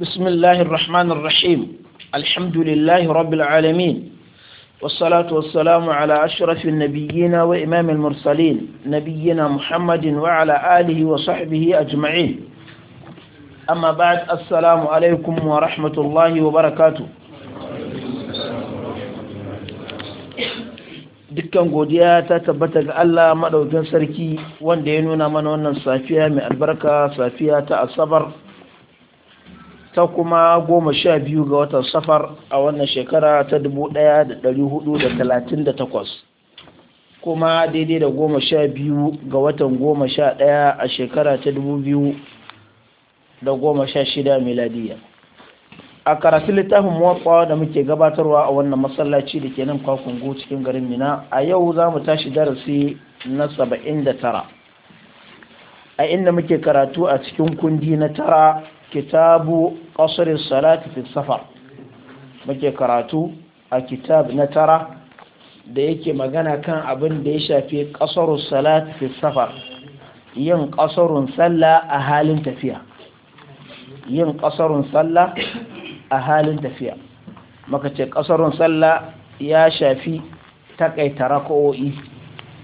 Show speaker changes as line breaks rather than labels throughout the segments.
بسم الله الرحمن الرحيم الحمد لله رب العالمين والصلاة والسلام على أشرف النبيين وإمام المرسلين نبينا محمد وعلى آله وصحبه أجمعين أما بعد السلام عليكم ورحمة الله وبركاته dukkan godiya ta tabbata ga Allah madaukin sarki wanda ya nuna mana wannan safiya mai albarka safiya ta asabar ta kuma goma sha biyu ga watan safar a wannan shekara ta dubu ɗaya da ɗari hudu da talatin da takwas kuma daidai da goma sha biyu ga watan goma sha ɗaya a shekara ta dubu biyu da goma sha shida miladiya a karatun littafin motsawa da muke gabatarwa a wannan masallaci da ke nan kwakungu cikin garin mina a yau za mu tashi darasi na saba'in da tara a inda muke karatu a cikin kundi na tara kitabu qasr salati fi safar muke karatu a kitab na tara da yake magana kan abin da ya shafi qasr salati fi safar yin qasrun sallah a halin tafiya yin qasrun sallah a halin tafiya maka ce qasrun sallah ya shafi takaita raka'o'i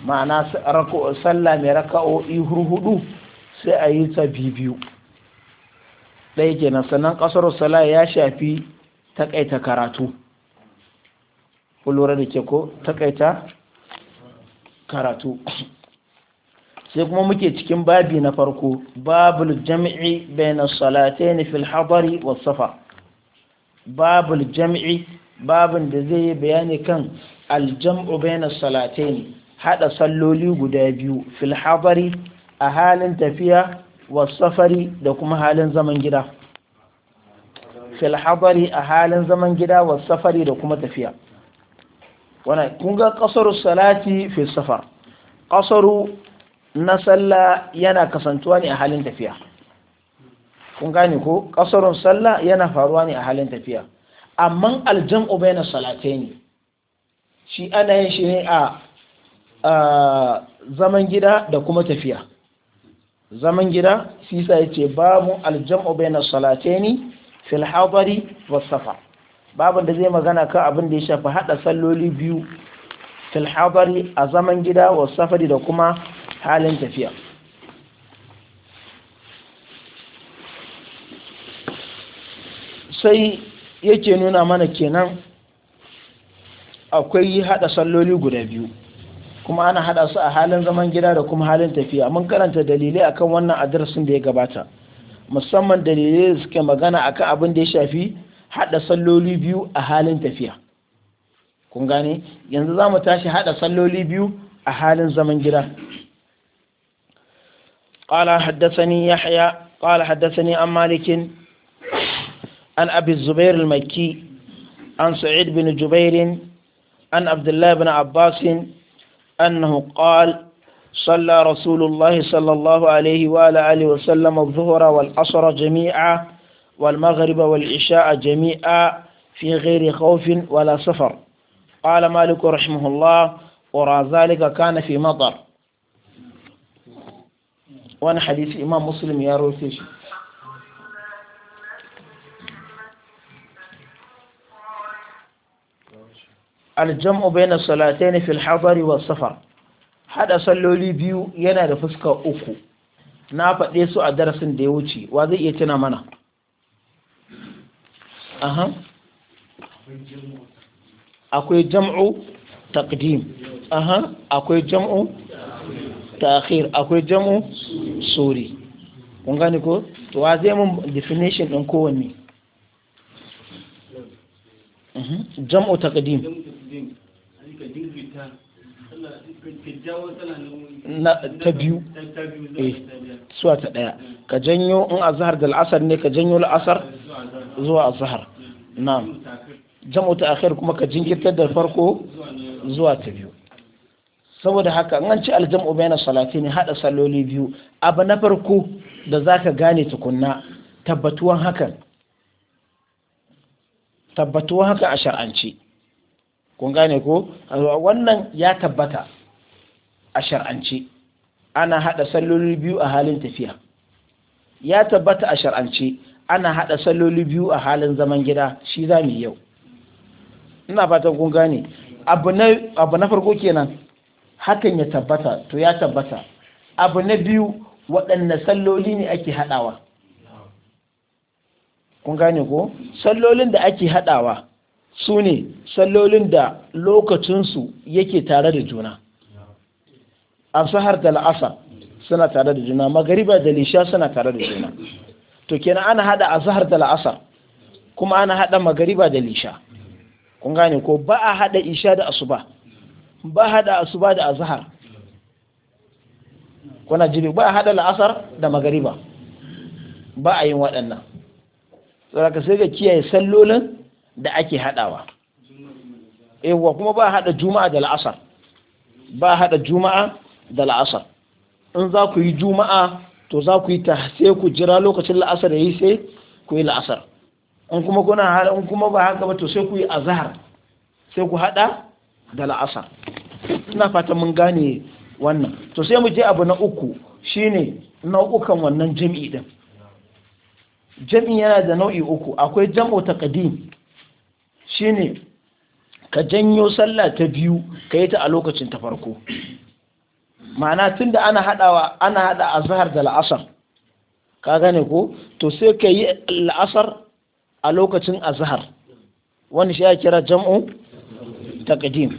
ma'ana sallah mai raka'o'i hurhudu sai ayi yi ta biyu ɗaya kenan sannan ƙasar sala ya shafi takaita karatu da ke ko takaita karatu sai kuma muke cikin babi na farko babul jami'i bayna salatayn fil hadari wa safa babul jami'i babin da zai yi bayani kan aljam'u salatai ne hada salloli guda biyu Filhabari a halin tafiya wasafari da kuma halin zaman gida fil a halin zaman gida wasafari da kuma tafiya wannan kun ga salati fi safar na sallah yana kasantuwa ne a halin tafiya kun gane ko qasarun sallah yana faruwa ne a halin tafiya amma aljam'u Salate ne shi ana yin shi ne a zaman gida da kuma tafiya zaman gida shi sa yace babu aljam'u bai na fil hadari was babin da zai magana kan abin da ya shafi hada salloli biyu filhabari a zaman gida wasafari da kuma halin tafiya sai yake nuna mana kenan akwai hada salloli guda biyu kuma ana hada su a halin zaman gida da kuma halin tafiya mun karanta dalilai akan wannan adresin da ya gabata musamman dalilai da suke magana akan abin da ya shafi hada salloli biyu a halin tafiya kun gane yanzu za mu tashi hada salloli biyu a halin zaman gida qala haddathani Yahya, qala haddathani an مالك an an zubair al makki an Sa'id bin jubair an abdullah bin Abbas. أنه قال صلى رسول الله صلى الله عليه وآله آله وسلم الظهر والعصر جميعا والمغرب والعشاء جميعا في غير خوف ولا سفر قال مالك رحمه الله ورا ذلك كان في مطر وانا حديث إمام مسلم يا شيء aljam'u bayna salatayn fil hadari was safar hada salloli biyu yana da fuska uku na faɗe su a darasin da ya wuce wa zai iya tuna mana aha akwai jam'u taqdim aha akwai jam'u ta'khir akwai jam'u suri kun gane ko to wa zai mun definition din kowanne jam'u taqdim
din ka jirgita
ta biyu suwa eh, ta ɗaya ka janyo in azhar da al'asar ne ka janyo al'asar zuwa azhar na jam'o ta akhir kuma ka jinkirtar da farko zuwa ta biyu saboda haka an ci aljam'u bayna salati ne hada saloli biyu abu na farko da za ka gane tukunna tabbatuwan hakan tabbatuwan hakan a shar'anci kun gane ko wannan ya tabbata a shar'ance ana hada salloli biyu a halin tafiya ya tabbata a shar'ance ana hada salloli biyu a halin zaman gida shi za mu yau ina fatan kun gane abu na farko kenan hakan ya tabbata to ya tabbata abu na biyu waɗanne salloli ne ake haɗawa kun gane ko sallolin da ake haɗawa su ne sallolin da lokacinsu yake tare da juna asahar da la'asar suna tare da juna magariba da lisha suna tare da juna to kenan ana hada asahar da la'asar kuma ana hada magariba da lisha kun gane ko ba a hada isha da asuba ba hada asuba da azahar. kuna jibi ba a hada la'asar da magariba ba a yin waɗannan tsaraka sai ga kiyaye sallolin da ake haɗawa Ewa! kuma ba haɗa juma'a da la'asar ba haɗa juma'a da la'asar in za ku yi juma'a to za ku yi ta sai ku jira lokacin la'asar ya yi sai ku yi la'asar in kuma kuna haɗa in kuma ba haka ba to sai ku yi azhar sai ku haɗa da la'asar ina fata mun gane wannan to sai mu je abu na uku shine nau'ukan wannan jami'i din jami'i yana da nau'i uku akwai jam'u taqdim shine ka janyo sallah ta biyu ka yi ta a lokacin ta farko ma'ana da ana haɗawa ana haɗa azhar da la'asar ka gane ko to sai ka yi la'asar a lokacin zahar wani shi ya kira jam'u ta taqdim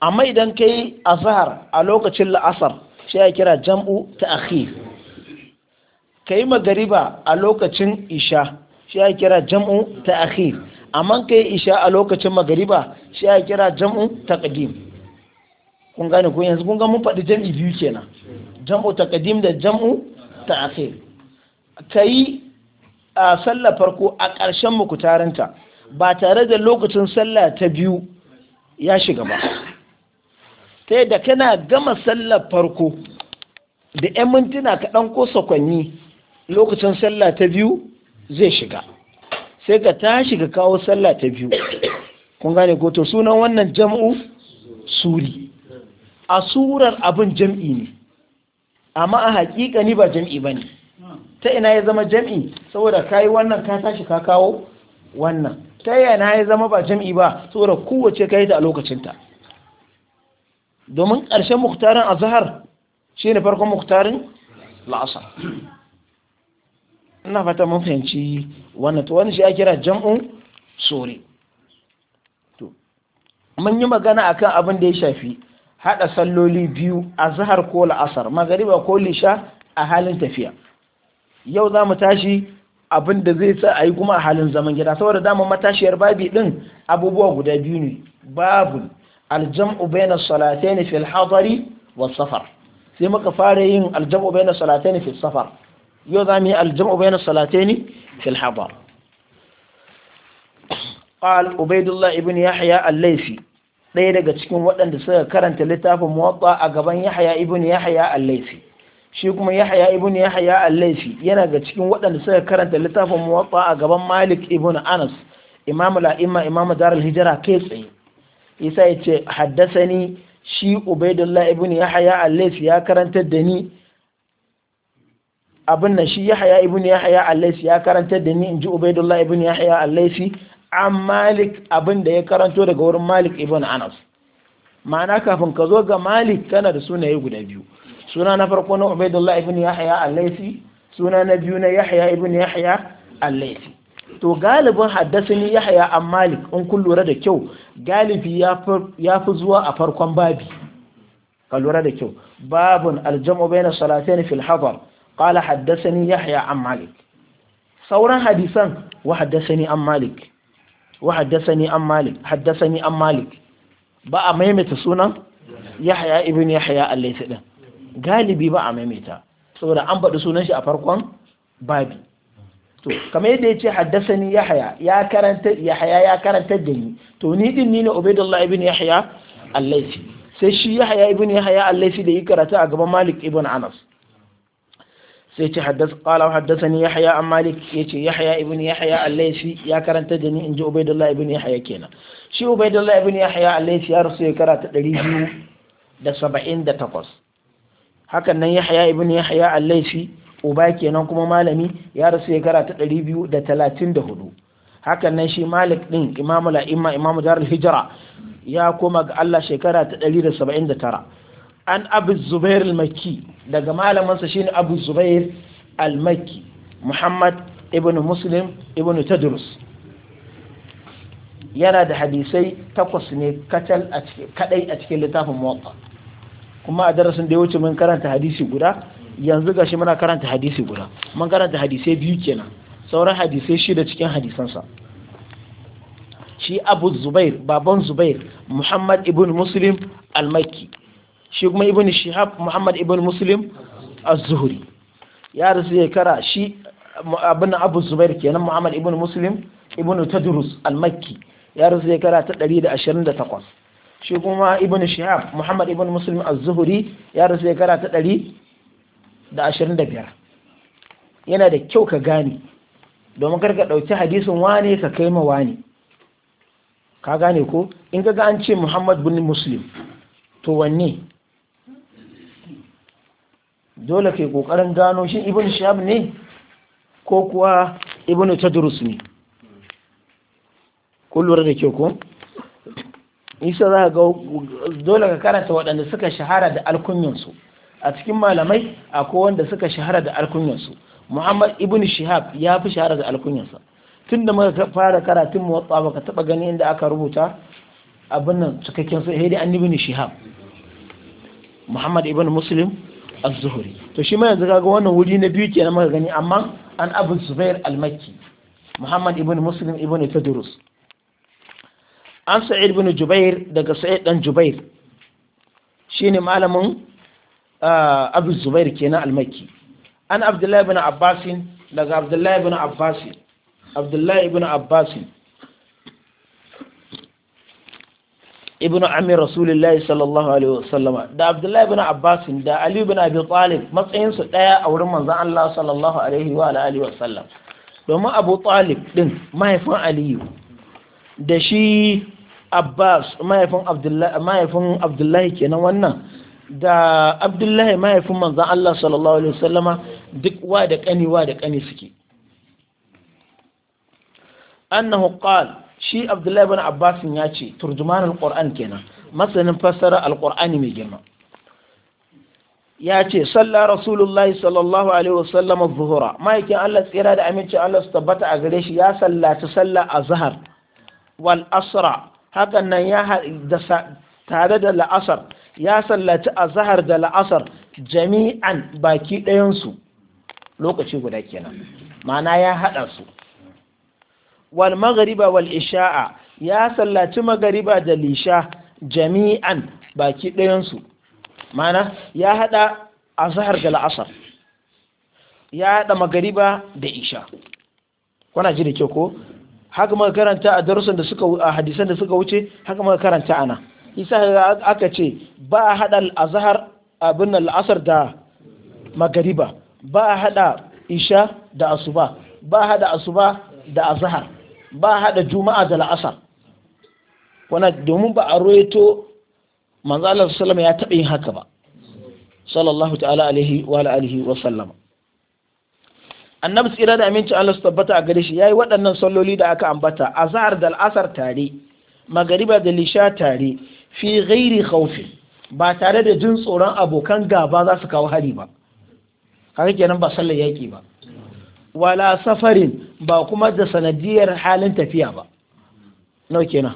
amma idan ka yi zahar a lokacin la'asar shi ya kira jam'u ta akhi ka yi magariba a lokacin isha shi ya kira jam'u ta akhi amma ka yi isha a lokacin magariba shi ya kira jam'u takadim kun gane ko yanzu kun ga mun faɗi jam'i biyu kenan jam'u takadim da jam'u Ka kai a sallar farko a ƙarshen mukutarinta ba tare da lokacin sallah ta biyu ya shiga ba ta yadda kana gama sallar farko da 'yan mintuna kaɗan ko sakwanni lokacin sallah ta biyu zai shiga sai ka tashi ka kawo sallah ta biyu kun gane ko to sunan wannan jam'u suri a surar abin jam'i ne amma a haƙiƙa ni ba jam'i ba ta ina ya zama jam'i saboda ka yi wannan ka tashi ka kawo wannan ta yana ya zama ba jam'i ba saboda kowace ka yi ta a lokacinta domin ƙarshen muktarin a zahar farkon muktarin la'asa ina fata mun fahimci wannan to wani shi ya kira jam'un sore to mun yi magana akan abin da ya shafi hada salloli biyu a zahar ko la'asar magariba ko lisha a halin tafiya yau za mu tashi abin da zai sa a yi kuma a halin zaman gida saboda dama matashiyar babi din abubuwa guda biyu ne babu aljam'u bayna salatayn fil hadari was safar sai muka fara yin aljam'u bayna salatayn fil safar yau za mu yi aljam'u bayan salataini fil hadar qal ubaidullah ibn yahya ɗaya daga cikin waɗanda suka karanta littafin muwatta a gaban yahya ibn yahya al-laythi shi kuma yahaya ibn yahaya al-laythi yana ga cikin waɗanda suka karanta littafin muwatta a gaban malik ibn anas imamu la'imma imamu al hijra kai tsaye isa ya ce ni shi ubaidullah ibn yahaya al-laythi ya karantar da ni abin nan shi yahya ibn yahya al ya karanta da ni inji ubaidullah ibn yahya al-laisi an malik abin da ya karanto daga wurin malik ibn anas ma'ana kafin ka zo ga malik kana da sunaye guda biyu suna na farko na ubaidullah ibn yahya al suna na biyu na yahya ibn yahya al to galibin haddasani yahya an malik in kun lura da kyau galibi ya fi zuwa a farkon babi ka lura da kyau babun aljamu bayna salatayn fil hadar قال حدثني يحيى an malik sauran hadisan wa عن مالك وحدثني عن مالك an malik مالك با ba a ابن sunan yahya ibn غالبي با laythi galibi ba a maimaita saboda an sunan shi a farkon babi to kamar yadda ya ce haddasani ya karanta ya karanta da ni to ni din ni ne ubaidullah ibn yahya al sai shi yahya ibn yahya al da yi karatu a gaban malik ibn anas sai ce haddasa qala haddathani yahya an malik yace yahya ibn yahya al-laysi ya karanta da ni inji ubaidullah ibn yahya kenan shi ubaidullah ibn yahya al-laysi ya rasu ya karata 278 hakan nan yahya ibn yahya al-laysi uba kenan kuma malami ya rasu ya karata 234 hakan nan shi malik din imamu la'imma imamu darul hijra ya koma ga Allah shekara ta da da saba'in tara. an abu zubair al-makki daga malamansa shine abu zubair al-makki muhammad ibn muslim ibn tadrus yana da hadisai takwas ne kadai a cikin littafin muwatta kuma a darasin da ya wuce mun karanta hadisi guda yanzu gashi muna karanta hadisi guda mun karanta hadisai biyu kenan sauran hadisai shida cikin hadisansa shi abu zubair baban zubair muhammad ibn muslim al-makki shi kuma ibn shihab muhammad ibn muslim az-zuhri ya rasu ya kara shi abin abu zubair kenan muhammad ibn muslim ibn tadrus al-makki ya rasu ya kara ta 128 shi kuma ibn shihab muhammad ibn muslim az-zuhri ya rasu ya kara ta 125 yana da kyau ka gane domin karka ɗauki hadisin wane ka kai ma wane ka gane ko in ka ga an ce muhammad bin muslim to wanne dole ke kokarin gano shi ibn Shab ne ko kuwa ibn tadrus ne kun da kyau ko isa za ga dole ka karanta waɗanda suka shahara da alkunyansu a cikin malamai akwai wanda suka shahara da alkunyansu muhammad ibn shihab ya fi shahara da alkunyansa tun da muka fara karatun muwatsa baka taba gani inda aka rubuta abin nan cikakken sai dai an ibn shihab muhammad ibn muslim az-zuhri to shi ma yanzu kaga wannan wuri na biyu kenan muka gani amma an abu zubair al-makki muhammad ibn muslim ibn tadrus an sa'id ibn jubair daga sa'id dan jubair shine malamin ah, abu zubair kenan al-makki an abdullahi ibn Abbasin daga abdullahi ibn Abbasin. abdullahi ibn abbas ibnu amir rasulullahi sallallahu alaihi wasallama da abdullahi ibn abbas da ali ibn abi talib matsayin su daya a wurin manzon Allah sallallahu alaihi wa alihi wasallam domin abu talib din mahaifin aliyu da shi abbas mahaifin abdullahi mahaifin abdullahi kenan wannan da abdullahi mahaifin manzon Allah sallallahu alaihi wasallama duk wa da kani wa da kani suke annahu qala shi abdullahi bin abbas ya ce turjuman alquran kenan masanin fassara Alƙur'ani mai girma ya ce salla rasulullah sallallahu alaihi wasallam zuhura zuhra Allah tsira da amince Allah su tabbata a gare shi ya sallaci sallar azhar wal asra hakan nan ya tare da la'asar ya sallaci azhar da la'asar jami'an baki ɗayansu lokaci guda kenan ma'ana ya haɗa su wal maghriba wal isha'a ya sallaci maghriba da lisha jami'an baki ɗayansu mana ya haɗa azhar da la'asar ya haɗa maghriba da isha kuna ji da kyau ko haka muka karanta a da suka a hadisan da suka wuce haka muka karanta ana isa aka ce ba a hada azhar abin al'asar da magariba ba a haɗa isha da asuba ba a haɗa asuba da azhar ba haɗa juma'a da la'asar Wani domin ba a roeto manzo Allah ya taɓa yin haka ba sallallahu ta'ala alaihi wa alihi wa sallama annabi tsira da aminci Allah su tabbata a gare shi yi waɗannan salloli da aka ambata azhar da al'asar tare magariba da lisha tare fi ghairi khawfin ba tare da jin tsoron abokan gaba za su kawo hari ba haka kenan ba sallar yaki ba wala safarin ba kuma da sanadiyar halin tafiya ba nau kenan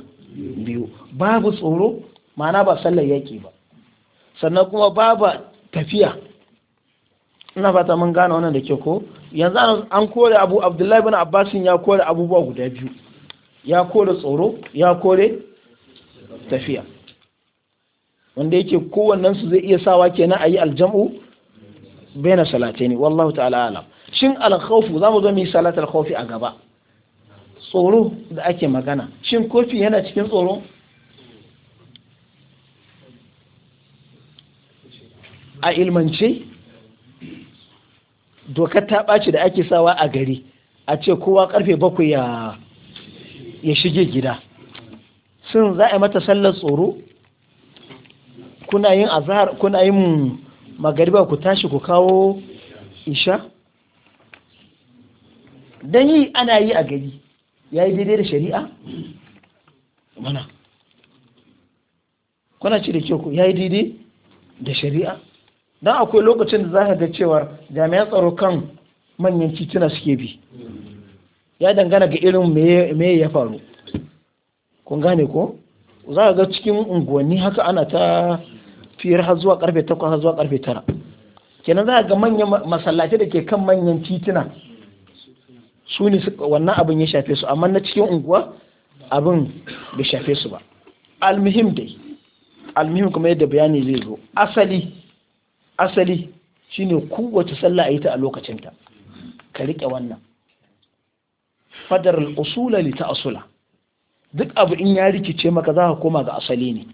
biyu babu tsoro mana ba sallar yaƙi ba sannan kuma babu tafiya ina fata mun gane wannan da ke ko yanzu an kore abu abdullahi bin abbasin ya kore abubuwa guda biyu ya kore tsoro ya kore tafiya wanda yake kowannensu zai iya sawa kenan a yi aljam'u bai na salatai ne wallahu ta'ala alam cin alkhawfu za mu zo mu yi salat alkhawfi a gaba tsoro da ake magana cin kofi yana cikin tsoro a ilmance dokar ta ɓaci da ake sawa a gari a ce kowa karfe bakwai ya shige gida sun za a mata sallar tsoro kuna yin azhar kuna yin magariba ku tashi ku kawo isha dan yi ana yi a gari yi daidai da shari'a mana kuna ce da ke ku ya yi daidai da shari'a Don akwai lokacin da za zaka ga cewar jami'an tsaro kan manyan tituna suke bi ya dangana ga irin me ya faru kun gane ko za ga cikin unguwanni haka ana ta fiyar har zuwa karfe takwas, har zuwa karfe tara. kenan za ga manyan masallaci da ke kan manyan tituna su ne wannan abin ya shafe su amma na cikin unguwa abin bai shafe su ba almihim dai almihim kuma yadda bayani zai zo asali asali shine kowace sallah a yi ta a lokacinta ka riƙe wannan fadar al'usula li ta'asula duk abu in ya rikice maka za ka koma ga asali ne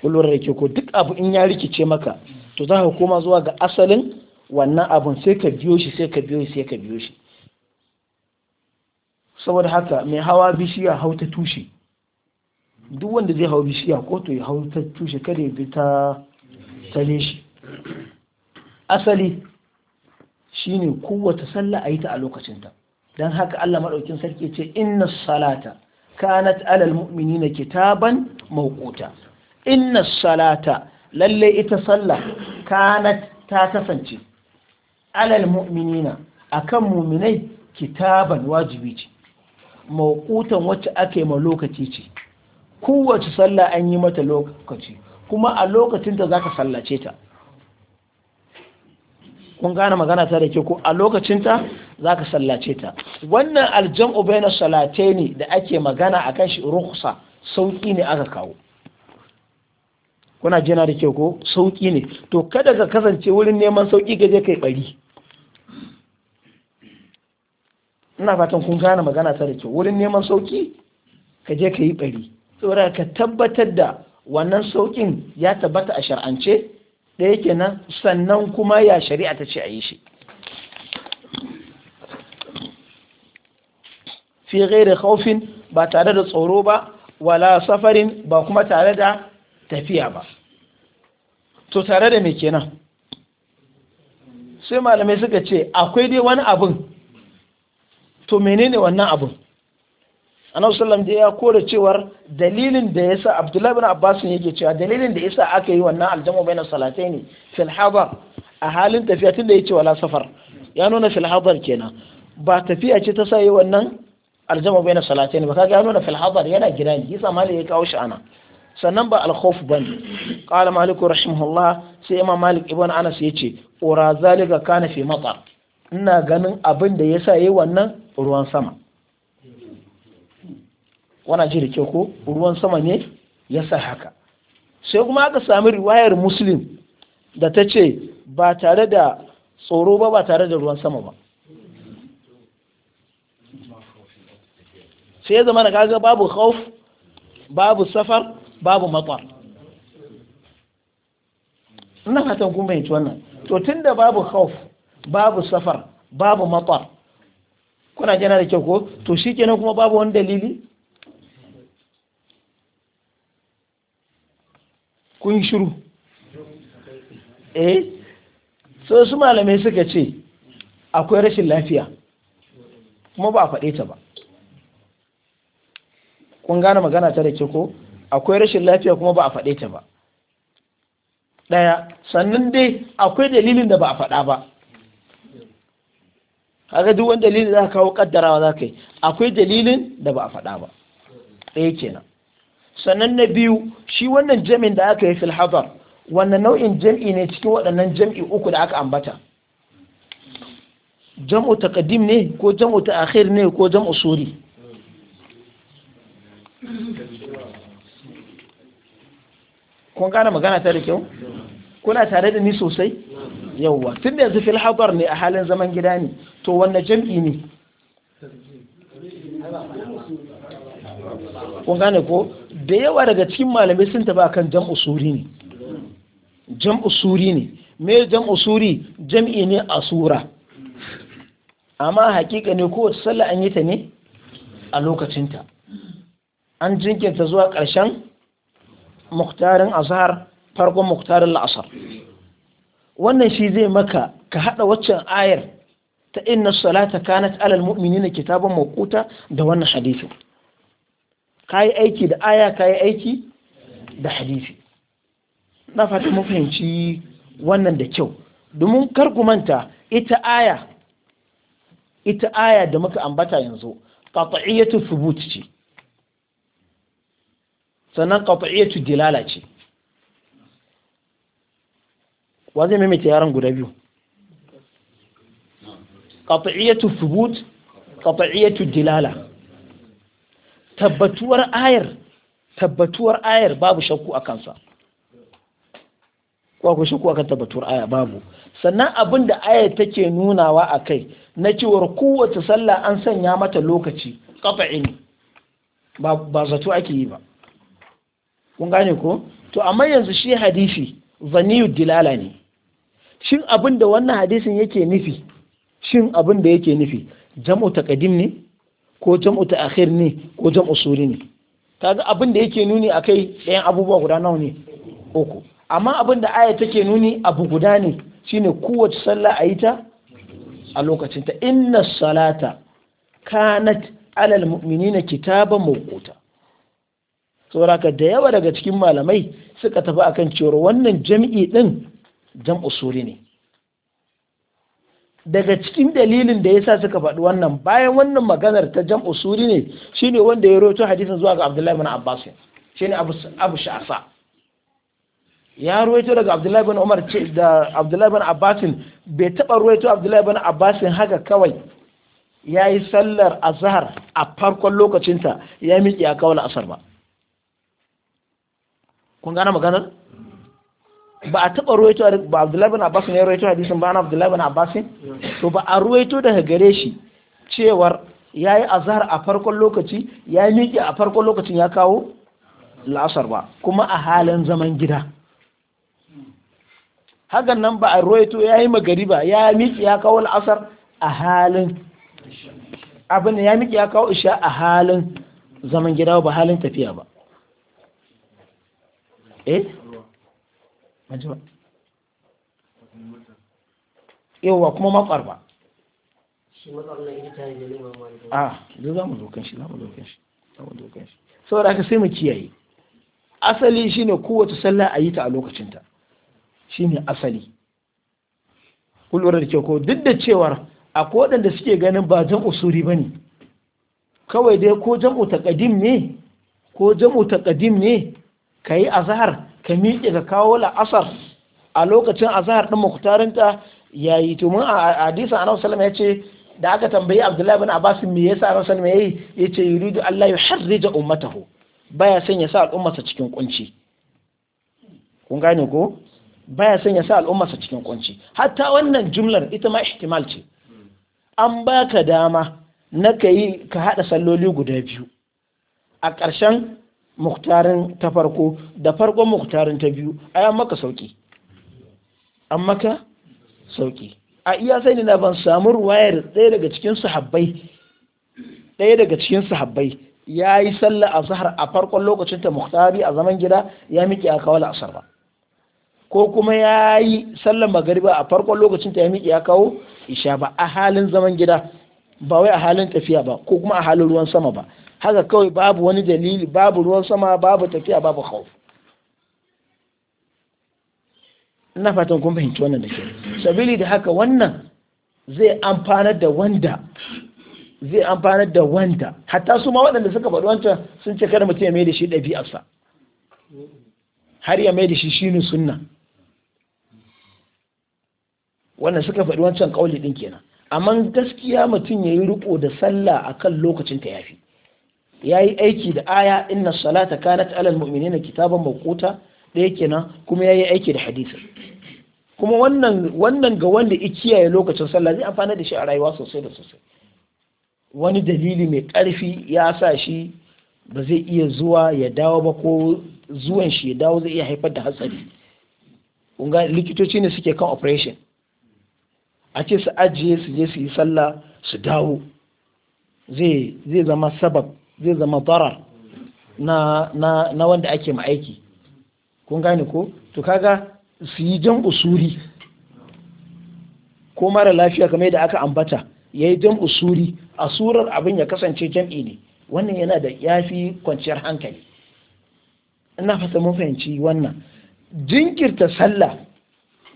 kullum ke ko duk abu in ya rikice maka to za ka koma zuwa ga asalin wannan abun sai ka biyo shi sai ka biyo shi sai ka biyo shi saboda haka mai hawa bishiya hauta tushe duk wanda zai hau bishiya ko to ya hau ta tushe kada ya bi ta tale shi asali shine kowace sallah ayi ta a lokacinta dan haka Allah madaukin sarki ce inna salata kanat alal mu'minina kitaban mawquta inna salata lalle ita sallah kanat ta kasance alal mu'minina akan mu'minai kitaban wajibi ce mawukutan wacce ake ma lokaci ce kowace sallah an yi mata lokaci kuma a lokacin da zaka sallace ta kun gane magana ta da ke ko a lokacin ta zaka sallace ta wannan aljam'u salate ne da ake magana a kan shi rukusa sauƙi ne aka kawo kuna jina da ke ko sauƙi ne to kada ka kasance wurin neman sauƙi gaje kai bari ina fatan kun gane magana ta da kyau wurin neman sauki ka je ka yi bari saboda ka tabbatar da wannan saukin ya tabbata a shar'ance ɗaya kenan sannan kuma ya shari'a ta ce a yi shi fi ghairi khawfin ba tare da tsoro ba wala safarin ba kuma tare da tafiya ba to tare da me kenan sai malamai suka ce akwai dai wani abin to menene wannan abun annabi sallam da ya kore cewar dalilin da yasa abdullahi bin abbas yake cewa dalilin da yasa aka yi wannan aljamu bainas salataini fil hadar a halin tafiya tunda yace wala safar ya nuna fil hadar kenan ba tafiya ce ta sa wannan aljamu bainas salataini ba kaga ya nuna fil hadar yana gida ne yasa mali ya kawo shi sannan ba alkhawf bane qala maliku rahimahullah sai imam malik ibn anas yace ura zalika kana fi matar ina ganin abin da ya sa yi wannan ruwan sama wana ji da ke ko ruwan sama ne ya sa haka sai kuma aka sami riwayar muslim da ta ce ba tare da tsoro ba ba tare da ruwan sama ba sai ya zama da kaga babu khauf babu safar babu matsar ina fatan kun fahimci wannan to da babu khauf babu safar babu matar kuna jana da kyau ko to shi kenan kuma babu wani dalili kun shiru eh so su malamai suka ce akwai rashin lafiya kuma ba a faɗe ta ba kun gane magana ta da ke ko akwai rashin lafiya kuma ba a faɗe ta ba ɗaya sannan dai akwai dalilin da ba a faɗa ba kaga duk wani dalilin za ka kawo kaddarawa za ka yi akwai dalilin da ba a faɗa ba ɗaya kenan sannan na biyu shi wannan jami'in da aka yi filhazar wanne nau'in jam'i ne cikin waɗannan jam'i uku da aka ambata jam'u kadim ne ko jam'u ta'khir ne ko jam'u suri kun gane magana ta da kyau kuna tare da ni sosai yawwa tun da yanzu filhabar ne a halin zaman gida ne to wanne jam'i ne kun gane ko da yawa daga cikin malamai sun taba kan jam'u suri ne jam'u suri ne me jam'u suri jam'i ne a sura amma hakika ne kowace sallah an yi ta ne a lokacinta an jinkirta zuwa ƙarshen muktarin azhar farkon muktarin la'asar wannan shi zai maka ka haɗa waccan ayar ta inna salata kanat alal mu'minina kitaban mawquta da wannan hadisi kai aiki da aya kai aiki da hadisi na fata mu fahimci wannan da kyau domin kar manta ita aya ita aya da muka ambata yanzu qat'iyatu thubut ce sannan qat'iyatu dilala ce wa zai maimaita yaran guda biyu qat'iyatu thubut qat'iyatu dilala tabbatuwar ayar tabbatuwar ayar babu shakku a kansa ko akwai shakku akan tabbatuwar aya babu sannan abin da aya take nunawa a kai na cewar kowace sallah an sanya mata lokaci kafa'i ne ba zato ake yi ba kun gane ko to amma yanzu shi hadisi zaniyu dilala ne shin abin da wannan hadisin yake nufi shin abin da yake nufi jam'u taqdim ne ko jam'u ta'khir ne ko jam'u suri ne kaga abin da yake nuni akai ɗayan abubuwa guda nawa ne uku amma abin da aya take nuni abu guda ne shine kowace sallah a yi ta a lokacin ta inna salata kanat alal mu'minina kitaban mawquta saboda da yawa daga cikin malamai suka tafi akan cewa wannan jami'i din jam usuli ne daga cikin dalilin da yasa suka faɗi wannan bayan wannan maganar ta jam usuli ne shine wanda ya roto hadisin zuwa ga Abdullahi bin Abbas shine Abu Abu Sha'sa ya roto daga Abdullahi bin Umar ce da Abdullahi bin Abbas bai taba roto Abdullahi bin Abbas haka kawai ya yi sallar azhar a farkon lokacinta ya miƙe a kawal asar ba kun gane maganar ba a taɓa ruwaito ba Abdullahi bin Abbas ne ruwaito hadisin ba na Abdullahi bin Abbas to ba a ruwaito daga gare shi cewar ya yi azhar a farkon lokaci ya miƙe a farkon lokacin ya kawo la'asar ba kuma a halin zaman gida hakan nan ba a ruwaito ya yi magariba ya miƙe ya kawo la'asar a halin abin ya miƙe ya kawo isha a halin zaman gida ba halin tafiya ba eh maji yauwa kuma matsar ba a ah, duk za mu dokan shi za mu dokan shi za mu shi saboda haka sai mu kiyaye asali shine kowace sallah a yi ta a lokacinta shine asali kullum da kyau ko duk da cewar ko waɗanda suke ganin ba jan usuri ba ne kawai dai ko jam'u taqadim ne ko jam'u taqadim ne ka yi azhar ka miƙe ka kawo la'asar a lokacin azahar ɗin muktarinta ya yi tumin a hadisin a salama ya ce da aka tambayi abdullahi bin abbas me yasa annabi salama ya yi ya ce yuridu allah ya harrija ummatahu baya son ya sa al'ummarsa cikin kunci kun gane ko baya son ya sa al'ummarsa cikin kunci hatta wannan jumlar ita ma ihtimal ce an baka dama na ka yi ka haɗa salloli guda biyu a ƙarshen muhtarin ta farko da farkon muhtarin ta biyu ai an maka sauki an maka sauki a iya sai sani na ban samu ruwayar ɗaya daga cikin sahabbai ɗaya daga cikin sahabbai ya yi sallah a a farkon lokacin ta muhtari a zaman gida ya miƙe a kawo la'asar ba ko kuma ya yi sallan magariba a farkon lokacin ta ya miƙe ya kawo isha ba a halin zaman gida ba wai a halin tafiya ba ko kuma a halin ruwan sama ba haka kawai babu wani dalili babu ruwan sama babu tafiya babu khawf ina fatan kun fahimci wannan da ke sabili da haka wannan zai amfanar da wanda zai amfanar da wanda hatta su ma waɗanda suka faɗi wancan sun ce kada mutum ya mai da shi ɗabi'arsa har ya mai da shi shine sunna wannan suka faɗi wancan ƙauli ɗin kenan amma gaskiya mutum ya yi riko da sallah akan lokacin ta yafi Ya yi aiki da aya inna salata kanat alal mu'minina kitaban mawquta ɗaya kenan kuma ya yi aiki da hadisi kuma wannan wannan ga wanda ya kiyaye lokacin sallah zai amfana da shi a rayuwa sosai da sosai wani dalili mai ƙarfi ya sa shi ba zai iya zuwa ya dawo ba ko zuwan shi ya dawo zai iya haifar da hatsari kunga likitoci ne suke kan operation a ce su ajiye su je su yi sallah su dawo zai zama sabab zai zama barar na wanda ake ma aiki kun gane ko to kaga su yi jan usuri ko mara lafiya kamar yadda aka ambata ya yi jan usuri a surar abin ya kasance jam'i ne wannan yana da yafi kwanciyar hankali ina fata mun fahimci wannan jinkirta sallah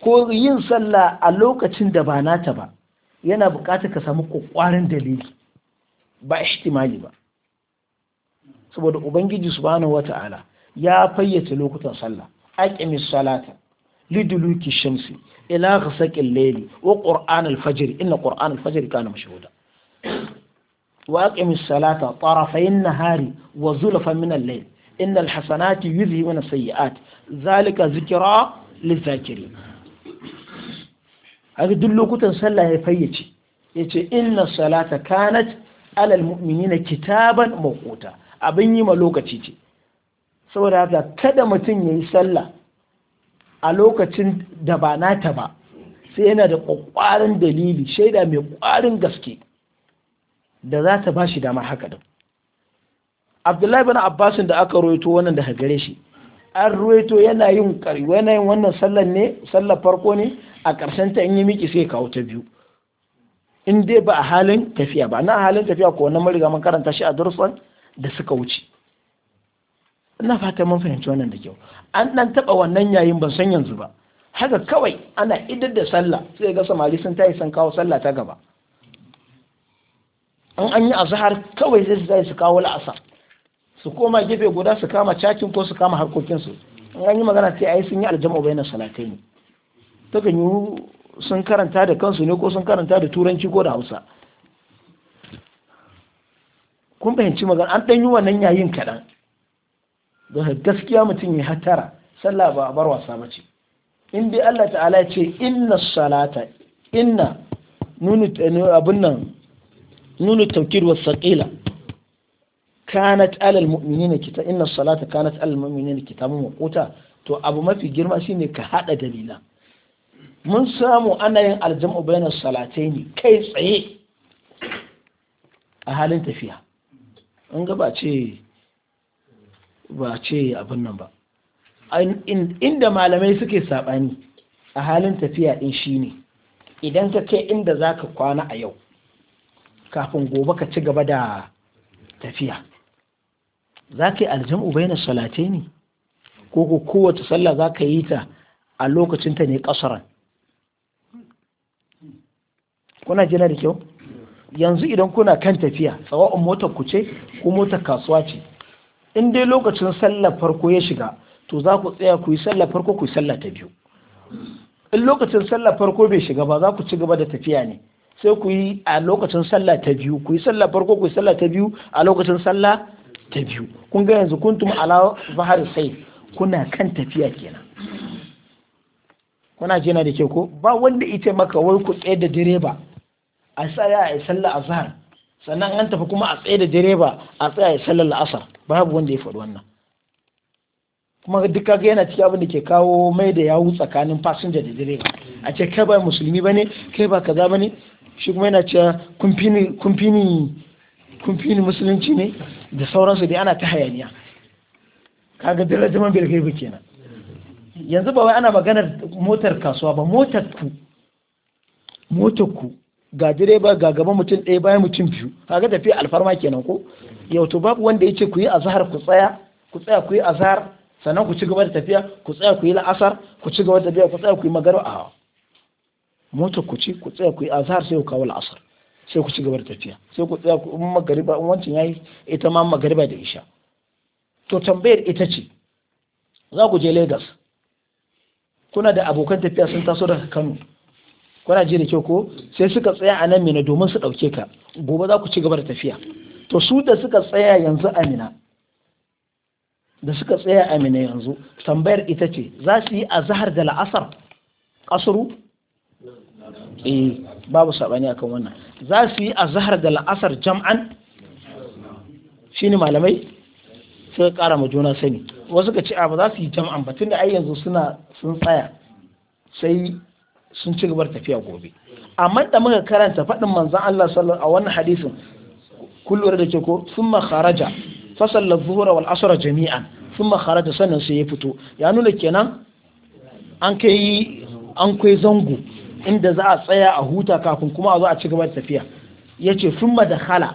ko yin sallah a lokacin da ba nata ba yana bukatar ka samu ƙwaƙwarin dalili ba ihtimali ba saboda ubangiji subhanahu wata'ala ya fayyace lokutan sallah aqimis salata liduluki shamsi ila ghasaqil layli wa qur'an al-fajr inna qur'an al-fajr kana mashhuda wa aqimis salata tarafayn nahari wa zulfa min al-layl inna al-hasanati yuzhibuna sayyiat zalika zikra lizakirin haka duk lokutan sallah ya fayyace yace inna salata kanat alal mu'minina kitaban mawquta abin yi ma lokaci ce saboda haka kada mutum ya yi sallah a lokacin da ba nata ba sai yana da ƙwaƙwarin dalili shaida mai ƙwarin gaske da za ta ba shi dama haka da abdullahi bin abbasin da aka roito wannan da hagare shi an roito yana yin yanayin wannan sallar ne sallar farko ne a ƙarshen ta in yi miki sai kawo ta biyu in dai ba a halin tafiya ba na halin tafiya ko wani mariga mun karanta shi a durusan da suka wuce ina fata mun fahimci wannan da kyau an dan taba wannan yayin ban san yanzu ba haka kawai ana idar da sallah sai ga samari sun tayi sun kawo sallah ta gaba an an yi azhar kawai sai su tayi su kawo la'asa, su koma gefe guda su kama cakin ko su kama harkokin su in an yi magana sai ayi sun yi aljama'u bayna salatai ne ta sun karanta da kansu ne ko sun karanta da turanci ko da hausa kun fahimci magana an ɗan yi wannan yayin kaɗan daga gaskiya mutum ya hatara sallah ba a bar wasa ba ce in dai Allah ta'ala ya ce inna salata inna nunu eh, abun nan nunu tawkid wa saqila kanat alal mu'minina kita inna salata kanat alal mu'minina kitabun maquta to abu mafi girma shine ka hada dalila mun samu ana yin aljam'u salatai salataini kai tsaye a halin tafiya an ga ba ce ba ce abin nan ba inda malamai suke saɓani a halin tafiya ɗin ne, idan ka ke inda za ka kwana a yau kafin gobe ka ci gaba da tafiya za ka yi aljam'u bai na salate ne ko kowace sallah za ka yi ta a lokacinta ne kasaran kuna jina da kyau yanzu idan kuna kan tafiya tsawon motar ku ce ko motar kasuwa ce in dai lokacin sallar farko ya shiga to za ku tsaya ku yi sallar farko ku yi sallar ta biyu in lokacin sallar farko bai shiga ba za ku ci gaba da tafiya ne sai ku yi a lokacin sallah ta biyu ku yi sallah farko ku yi sallah ta biyu a lokacin sallah ta biyu kun ga yanzu kuntum ala zahar sai kuna kan tafiya kenan kuna jina da ke ko ba wanda ita maka wai ku tsaye da direba a tsaya a yi sallar azhar sannan an tafi kuma a tsaye da direba a tsaya a yi sallar la'asar babu wanda ya faɗi wannan kuma duk kaga yana cikin abin da ke kawo mai da yawu tsakanin fasinja da direba a ce kai ba musulmi bane kai ba kaza bane shi kuma yana cewa kumfini kumfini kumfini musulunci ne da sauransu dai ana ta hayaniya kaga darajaman bil gaibi kenan yanzu ba wai ana maganar motar kasuwa ba motar ku motar ku ga direba ga gaba mutum ɗaya bayan mutum biyu kaga tafiya alfarma kenan ko yau to babu wanda yace ku yi azhar ku tsaya ku tsaya ku yi azhar sannan ku ci gaba da tafiya ku tsaya ku yi la'asar ku ci gaba da tafiya ku tsaya ku yi magarba a mota ku ci ku tsaya ku yi azhar sai ku kawo la'asar sai ku ci gaba da tafiya sai ku tsaya ku in magariba in wancan yayi ita ma magariba da isha to tambayar ita ce za ku je Lagos kuna da abokan tafiya sun taso daga Kano kuna ji da kyau ko sai suka tsaya a nan mina domin su ɗauke ka gobe za ku ci gaba da tafiya to su da suka tsaya yanzu amina da suka tsaya amina yanzu tambayar ita ce za su yi a zahar da la'asar kasuru eh babu sabani akan wannan za su yi a zahar da la'asar jam'an shine malamai suka kara ma juna sani wasu ka ce a ba za su yi jam'an ba tunda ai yanzu suna sun tsaya sai sun ci gabar tafiya gobe amma da muka karanta faɗin manzon Allah sallallahu a wannan hadisin kullum da ke ko summa kharaja fa salla dhuhra wal asra jami'an summa kharaja sannan sai ya fito ya nuna kenan an kai an kai zango inda za a tsaya a huta kafin kuma a zo a ci gaba da tafiya yace summa dakhala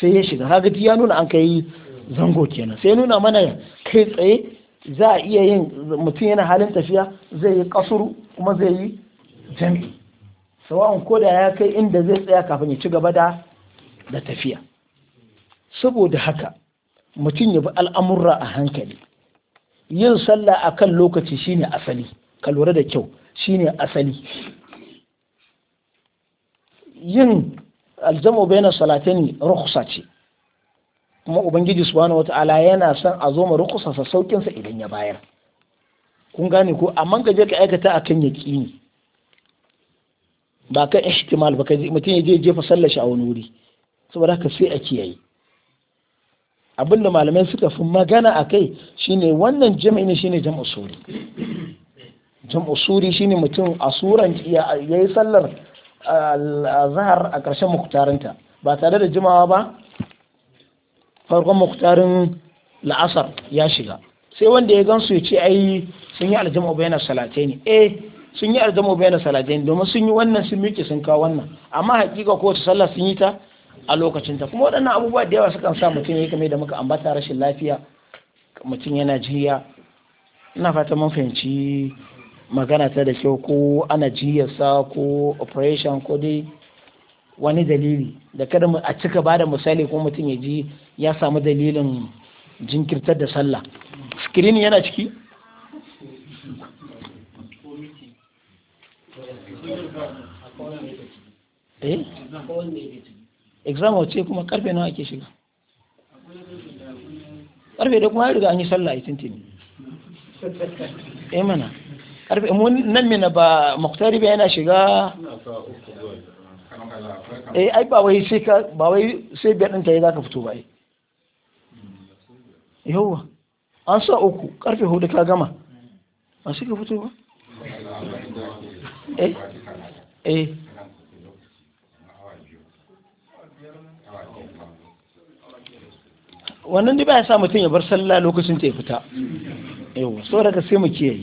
sai ya shiga kaga ya nuna an kai zango kenan sai nuna mana kai tsaye za a iya yin mutum yana halin tafiya zai yi kasuru kuma zai yi jami'i sawa'un ko da ya kai inda zai tsaya kafin ya ci gaba da da tafiya saboda haka mutum ya bi al'amurra a hankali yin sallah a kan lokaci shine asali ka lura da kyau shine asali yin aljamu bai na salatani Ruksa ce kuma ubangiji subhanahu wata'ala yana son a zo mu sa saukin sa idan ya bayar kun gane ko amma ka je ka aikata akan yaqini ba kan ihtimal ba ka je, mutum ya je jefa sallar shi a wani wuri saboda haka sai a kiyaye abin da malamai suka fi magana a kai shine wannan jami'in shine Jamusuri
suri
jam'u suri shine mutum a suran ya yi sallar ah, zahar a ƙarshen muktarinta ba tare da jimawa ba farkon muktarin la'asar ya shiga sai wanda ya gansu ya ce ai sun yi aljama bayanar salatai ne eh sun yi aljama bayanar salatai ne domin sun yi wannan sun miƙe sun kawo wannan amma hakika ta sallah sun yi ta a lokacin ta kuma waɗannan abubuwa da yawa sukan sa mutum ya kame da muka ambata rashin lafiya mutum yana jiya ina fata mun fahimci magana ta da kyau ko ana jiyarsa ko operation ko dai wani dalili da kada a cika ba da misali ko mutum ya ji ya samu dalilin jinkirtar da sallah screen yana ciki eh exam wace kuma karfe nawa ake shiga karfe da kuma riga an yi sallah a tintini eh mana karfe mun nan na ba muktari ba yana shiga eh ai ba wai sai ka ba wai sai biyar ɗin ta yi za ka fito ba yi, yawwa an sa uku karfe hudu ka gama ba sai ka fito ba eh eh wannan da ba ya sa mutum ya bar sallah lokacin ta ya fita yau sau daga sai mu kiyaye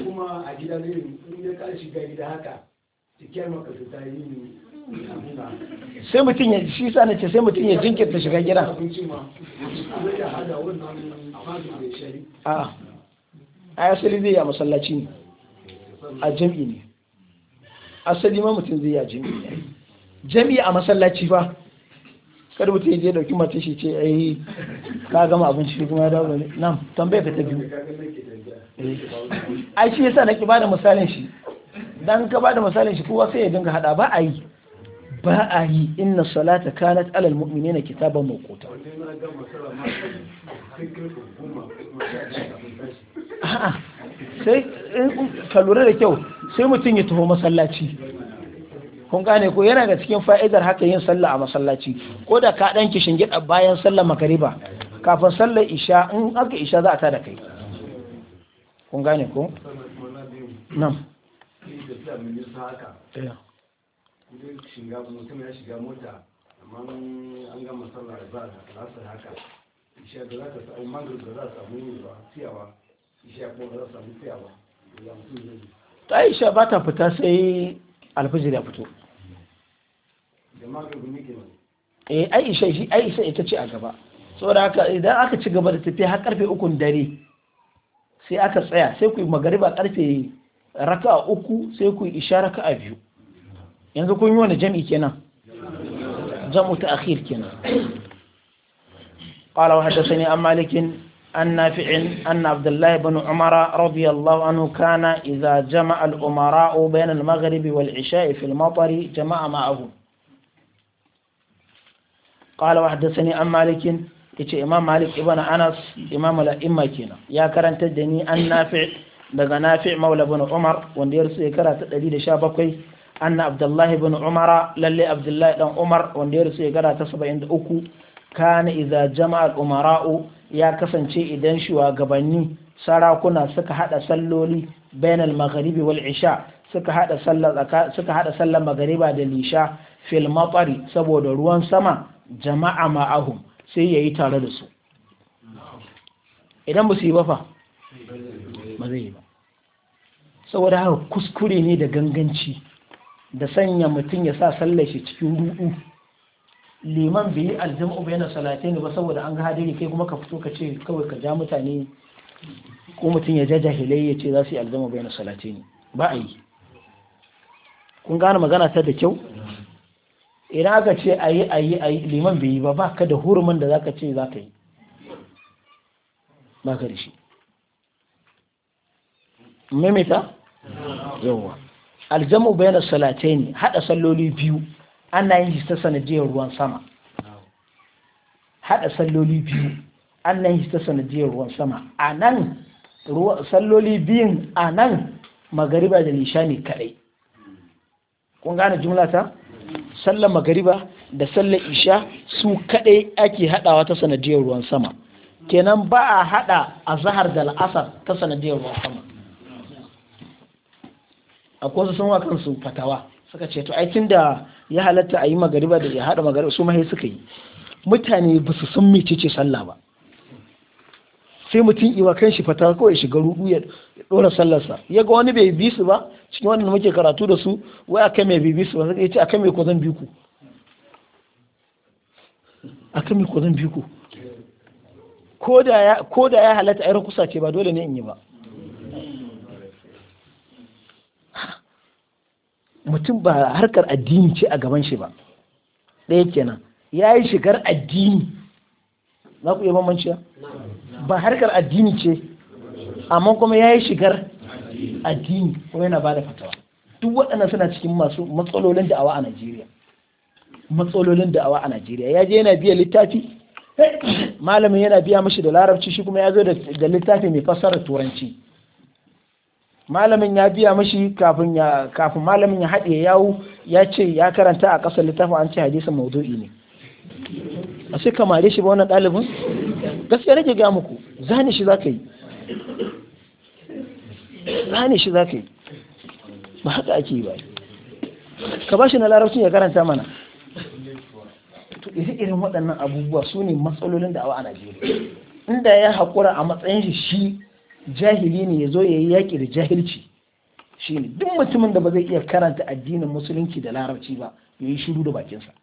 a gida ne in ya tashi shiga gida haka cikin maka su tayi ne sai mutum ya shi sa na ce sai mutum ya jinkirta shiga gida a
asali zai ya masallaci ne a jami'i ne asali ma mutum zai ya jami'i ne jam'i a masallaci ba kada mutum je dauki mace shi ce ai ka gama abinci shi kuma ya dawo ne nan tambaya ka ta biyu ai shi yasa nake bada misalin shi dan ka bada misalin shi kowa sai ya dinga hada ba a yi ba a yi inna salata kanat alal mu'minina kitaban mawquta sai ka lura da kyau sai mutum ya taho masallaci kun gane ko yana ga cikin fa'idar haka yin sallah a masallaci ko da ka ɗan kishin gida bayan sallah makariba kafin sallar isha in aka isha za a tada kai kun gane ko nan ta isha ba ta fita sai alfijir ya fito eh aisha aisha ita ce a gaba saboda idan aka ci gaba da tafiya har karfe ukun dare sai aka tsaya sai kuyi magariba karfe raka uku sai ku yi isha raka a biyu yanzu kun yi wani jam'i kenan jam'u ta akiri kenan qala wa haddathani an malikin an nafi'in anna abdullahi ibn umara radiyallahu an kana idza jama'a al-umara'u bayna al wal-isha'i fil matari jama'a ma'ahum qala wahdathani an malikin yace imam malik ibn anas imam al-imma kenan ya karanta da ni an daga nafi' maula ibn umar wanda ya rusu 117 anna abdullahi ibn umara lalle abdullahi dan umar wanda ya rusu shekara ta 73 kana idza jama'a al-umara'u ya kasance idan shugabanni sarakuna suka hada salloli bainal maghribi wal isha suka hada sallar suka hada sallar da lisha fil matari saboda ruwan sama jama'a ma'ahum sai ya yi tare da su idan ba su yi ba fa ba zai yi ba saboda haka kuskure ne da ganganci da sanya mutum ya sa sallar shi cikin rudu liman bai yi aljam'u bai na salate ne ba saboda an ga hadiri kai kuma ka fito ka ce kawai ka ja mutane ko mutum ya ja jahilai ya ce za su yi aljam'u bai na salate ne ba a yi kun gane magana ta da kyau idan aka ce a yi a yi a yi liman bai yi ba ba ka da hurumin da za ka ce za ka yi ba ka da shi mimita yawwa aljamu bayan salate ne haɗa salloli biyu ana yin shi sanadiyar ruwan sama haɗa salloli biyu ana yin shi sanadiyar ruwan sama a nan salloli biyun a nan magariba da ne kaɗai kun gane jumla ta? sallar magariba da sallar isha su kadai ake haɗawa ta sanadiyar ruwan sama kenan ba a hada a zahar da la'asar ta sanadiyar ruwan sama akwai sun wakan su fatawa suka ce to aikin da ya halatta a yi magariba da ya hada magariba su mahai suka yi mutane ba su san mecece sallah ba sai mutum iwa kan shi fatawa kawai shiga rudu ya ɗora sallarsa ya ga wani bai bi su ba cikin wannan muke karatu da su wai akan mai bibi su wanda yace akan mai ko zan biku akan mai ko zan ku ko da ya ko da ya halatta ayar kusa ce ba dole ne in yi ba mutum ba harkar addini ce a gaban shi ba ɗaya kenan ya yi shigar addini za ku iya bambanci ba harkar addini ce amma kuma ya yi shigar addini kuma yana da fatawa duk waɗannan suna cikin masu matsalolin da'awa a Najeriya matsalolin da'awa a Najeriya ya je yana biya littafi malamin yana biya mashi da larabci shi kuma ya zo da littafi mai fassara turanci malamin ya biya mashi kafin ya kafin malamin ya haɗe yawo ya ce ya karanta a ƙasar littafin an ce hadisin maudu'i ne a sai kamare shi ba wannan ɗalibin gaskiya nake ga muku zani shi zaka yi rane shi za ka yi ba haka ake yi ba ka ba shi na larabci ya karanta mana to iri-irin waɗannan abubuwa su ne matsalolin awa a najeriya inda ya haƙura a matsayin shi shi jahili ne ya zo ya yi yaƙi da jahilci shi ne duk mutumin da ba zai iya karanta addinin musulunci da larabci ba ya yi shiru da bakinsa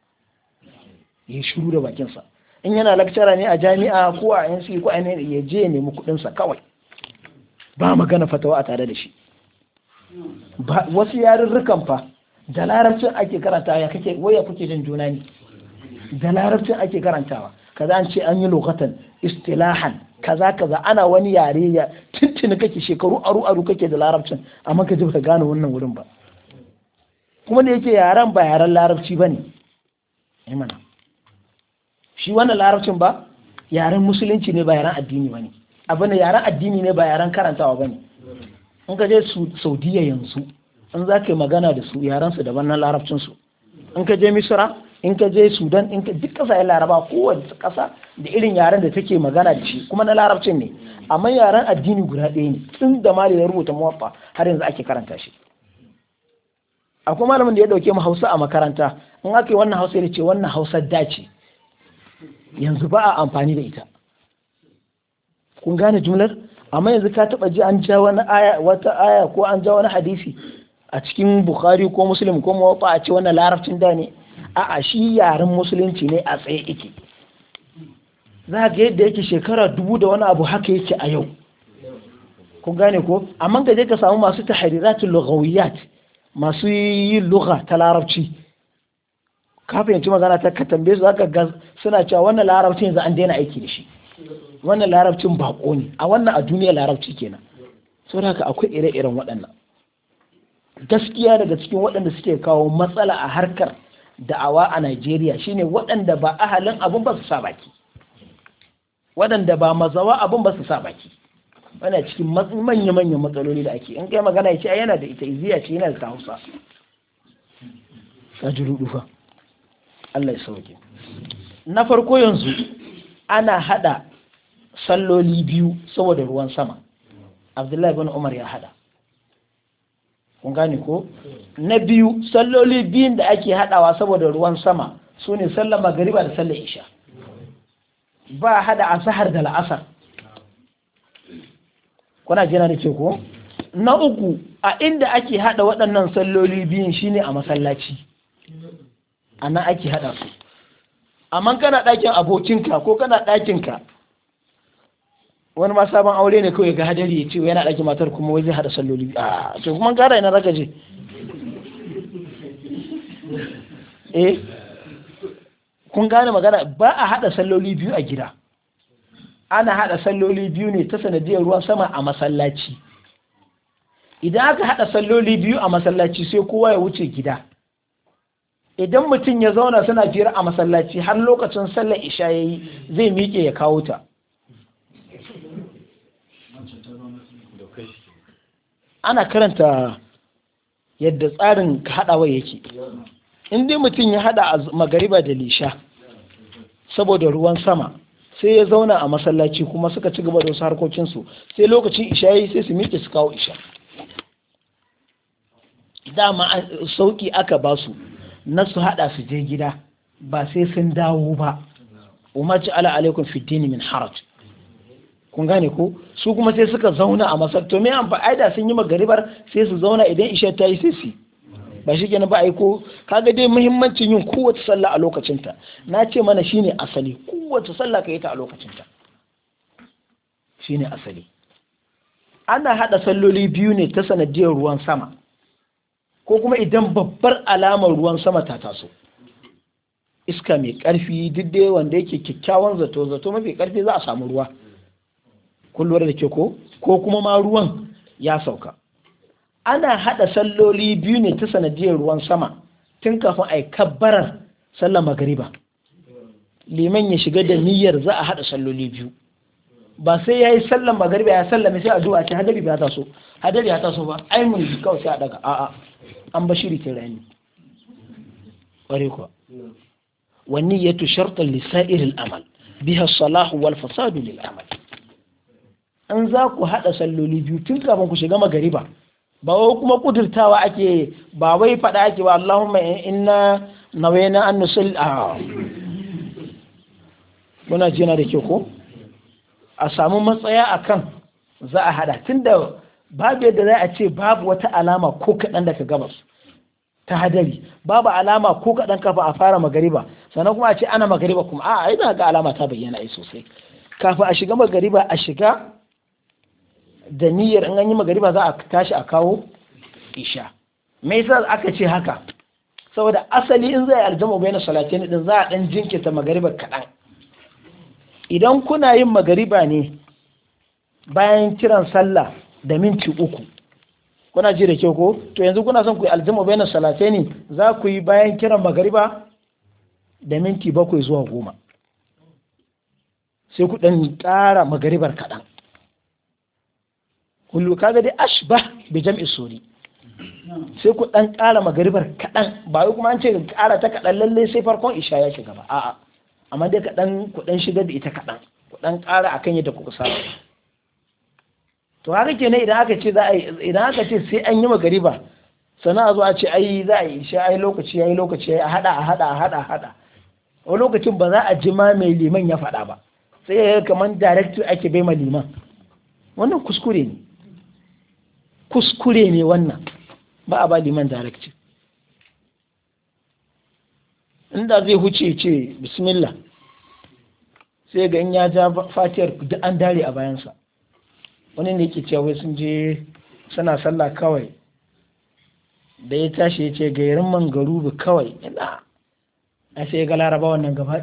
ya yi shiru da bakinsa in yana lakcara ne a jami'a ko a yansu ko a ya je ya nemi kuɗinsa kawai ba magana fatawa a tare da shi wasu yarurrukan fa da larabcin ake karanta ya kake waya kuke jin juna ne da larabcin ake karantawa kaza an ce an yi lokatan istilahan kaza kaza ana wani yare ya tuntuni kake shekaru aru aru kake da larabcin amma ka ji ka gane wannan wurin ba kuma da yake yaren ba yaren larabci ba ne eh shi wannan larabcin ba yaren musulunci ne ba yaren addini ba ne abin da yaren addini ne ba yaren karantawa ba ne in ka je saudiya yanzu in za ka yi magana da su yaren su daban na larabcin su in ka je Misira, in ka je sudan in ka duk ƙasa laraba kowace ƙasa da irin yaren da take magana da shi kuma na larabcin ne amma yaren addini guda ɗaya ne tun da mali ya rubuta muwaffa har yanzu ake karanta shi akwai malamin da ya dauke mu hausa a makaranta in aka yi wannan hausa ya ce wannan hausa dace yanzu ba a amfani da ita kun gane jumlar amma yanzu ka taba ji an ja wani aya wata aya ko an ja wani hadisi a cikin bukhari ko muslim ko mawafa a ce wannan larabcin da ne a'a shi yaren musulunci ne a tsaye yake za ga yadda yake shekara dubu da wani abu haka yake a yau kun gane ko amma ga ka samu masu tahriratul lughawiyat masu yin lugha ta larabci ka fahimci magana ta ka tambaye su ka ga suna cewa wannan larabcin yanzu an daina aiki da shi wannan larabcin bako ne a wannan a duniya larabci kenan sau haka akwai ire-iren waɗannan gaskiya daga cikin waɗanda suke kawo matsala a harkar da'awa a Najeriya shine waɗanda ba ahalin abin ba su sa baki waɗanda ba mazawa abin ba su sa baki wannan cikin manya-manyan matsaloli da ake in kai magana ya ce yana da ita iziya ce yana da ta hausa ta ji rudufa Allah sauke na farko yanzu ana hada salloli biyu saboda ruwan sama abdullahi bin umar ya hada kun gane ko na biyu salloli biyun da ake hadawa saboda ruwan sama su ne sallar magariba da sallar isha ba hada a sahar da la'asar kuna jina da ko na uku a inda ake hada waɗannan salloli biyun shine a masallaci a nan ake hada su amma kana ɗakin abokinka ko kana ɗakinka wani ma sabon aure ne kawai ga hadari ya ce yana ɗaki matar kuma wai zai hada salloli a to kuma gara ina zaka je eh kun gane magana ba a hada salloli biyu a gida ana hada salloli biyu ne ta sanadiyar ruwan sama a masallaci idan aka hada salloli biyu a masallaci sai kowa ya wuce gida idan mutum ya zauna suna jira a masallaci har lokacin sallar isha yayi zai miƙe ya kawo ta ana karanta yadda tsarin haɗawa yake in dai mutum ya haɗa a magariba da lisha saboda ruwan sama sai ya zauna a masallaci kuma suka ci gaba da wasu harkokinsu sai lokacin isha yi sai su miƙe su kawo isha dama sauƙi aka ba su na su haɗa su je gida ba sai sun dawo ba umarci ala alaikum fiddini min haraj kun gane ko su kuma sai suka zauna a masar to me amfa aida sun yi magaribar sai su zauna idan isha ta yi sai su ba shi kenan ba ai ko kaga dai muhimmancin yin kowace sallah a lokacinta na ce mana shine asali kowace sallah ka yi ta a lokacinta shine asali ana hada salloli biyu ne ta sanadiyar ruwan sama ko kuma idan babbar alamar ruwan sama ta taso iska mai karfi duk dai wanda yake kyakkyawan zato zato mafi karfi za a samu ruwa kun da ke ko ko kuma ma ruwan ya sauka ana hada salloli biyu ne ta sanadiyar ruwan sama tun kafin a yi kabbarar sallar magariba liman ya shiga da niyyar za a hada salloli biyu ba sai ya yi sallar magariba ya sallame sai a zuwa ce hadari ba ta so hadari ya ta so ba ai mun ji kawai sai a daga a'a an ba shiri rani ƙware kuwa wani ya tu shartar lisa'ir al'amal biha salahu wal fasadu lil amal an za ku haɗa salloli biyu tun kafin ku shiga magariba ba wai kuma kudurtawa ake ba wai faɗa ake ba Allahumma inna nawaina an nusul a kuna jina da ke ko a samu matsaya akan za a haɗa tunda babu yadda za a ce babu wata alama ko kaɗan daga gabas ta hadari babu alama ko kaɗan kafa a fara magariba sannan kuma a ce ana magariba kuma a ina ga alama ta bayyana ai sosai kafin a shiga magariba a shiga da niyyar in an yi magariba za a tashi a kawo isha me yasa aka ce haka saboda asali in zai aljamu bai na salatin din za a dan jinkirta magariba kaɗan idan kuna yin magariba ne bayan kiran sallah da minti uku kuna ji da kyau ko to yanzu kuna son ku yi aljamu bai na salatin za ku yi bayan kiran magariba da minti bakwai zuwa goma sai ku dan magaribar kaɗan kullu kaga dai ashbah bi jam'i suri sai ku dan kara magaribar kadan. ba wai kuma an ce kara ta kadan lalle sai farkon isha ya shiga ba a'a amma dai kaɗan ku dan shigar da ita kadan. ku dan kara akan yadda kuka saba to haka kenan idan aka ce za a idan aka ce sai an yi magariba sana a zo a ce ai za a yi isha ai lokaci ai lokaci ai a hada a hada a hada a hada a lokacin ba za a ji ma mai liman ya faɗa ba sai ya kamar director ake bai ma liman wannan kuskure ne kuskure ne wannan ba a ba liman directive inda zai huce ce bismillah sai ga in ya ja fatiyar duk an dare a bayansa wani ne ke cewa sun je suna sallah kawai da ya tashi ya ce gairin man garubu kawai ina a sai ga laraba wannan gaba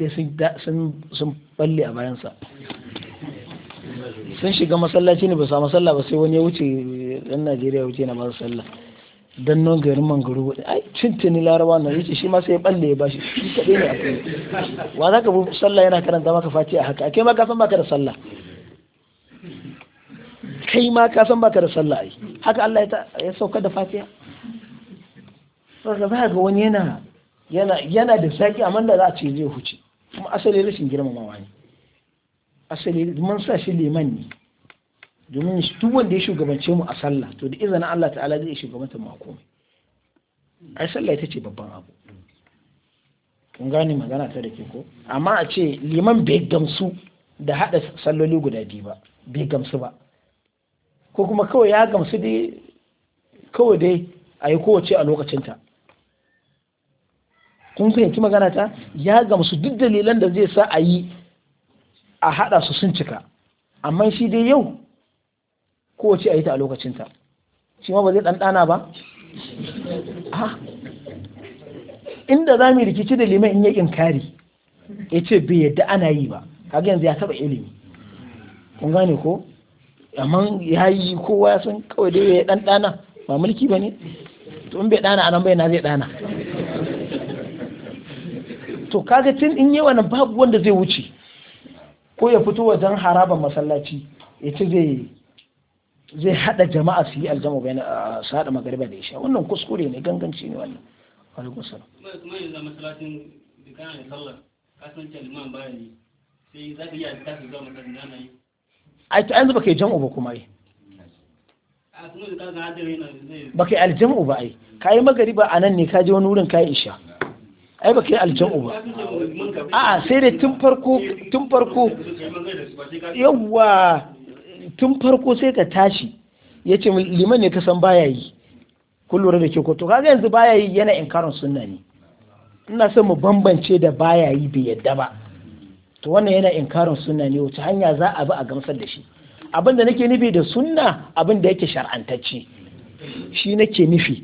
sun balle a bayansa sun shiga masallaci ne ba sa masalla ba sai wani ya wuce dan Najeriya wuce na ba sallah dan non garin mangaro ai tuntuni larawa na yace shi ma sai balle ya bashi shi kadai ne kai wa zaka bu sallah yana karanta maka a haka kai ma ka san baka da sallah kai ma ka san baka da sallah ai haka Allah ya sauka da fatiha saboda ba ga wani yana yana yana da saki amma da za a ce zai huce kuma asali rashin girmamawa ne asali mun sa shi liman ne domin duk wanda ya shugabance mu a sallah to da izinin Allah ta'ala zai shugabanta mu a komai ai sallah ita ce babban abu kun gane magana ta da ke ko amma a ce liman bai gamsu da hada salloli guda biyu ba bai gamsu ba ko kuma kawai ya gamsu dai kawai dai a yi kowace a lokacinta kun fahimci magana ta ya gamsu duk dalilan da zai sa a yi a hada su sun cika amma shi dai yau kowace a yi ta a lokacinta shi ma ba zai ɗanɗana ba inda za mu rikici da liman in ya inkari ya ce bai yadda ana yi ba kaga yanzu ya taɓa ilimi kun gane ko amma ya yi kowa ya san kawai dai ya ɗanɗana ba mulki ba ne to in bai ɗana anan bai na zai ɗana to kaga tun in yi wani babu wanda zai wuce ko ya fito wajen harabar masallaci ya ce zai zai hada jama'a su yi aljamu bai su hada magariba da isha wannan kuskure ne ganganci ne wannan alaikum salam
kuma yanzu masallacin ka yi baka
yi jam'u ba kuma yi baka yi aljam'u ba ai ka yi magariba a nan ne ka je wani wurin ka yi isha ai baka yi aljam'u ba a'a sai dai tun farko tun farko yawwa tun farko sai ka tashi ya ce liman ne ta san baya yi kun da ke kotu. to kaga yanzu baya yi yana inkarin sunna ne ina son mu bambance da baya yi bai yadda ba to wannan yana inkarin sunna ne wace hanya za a bi a gamsar da shi abinda nake nufi da sunna abin da yake shar'antacce shi nake nufi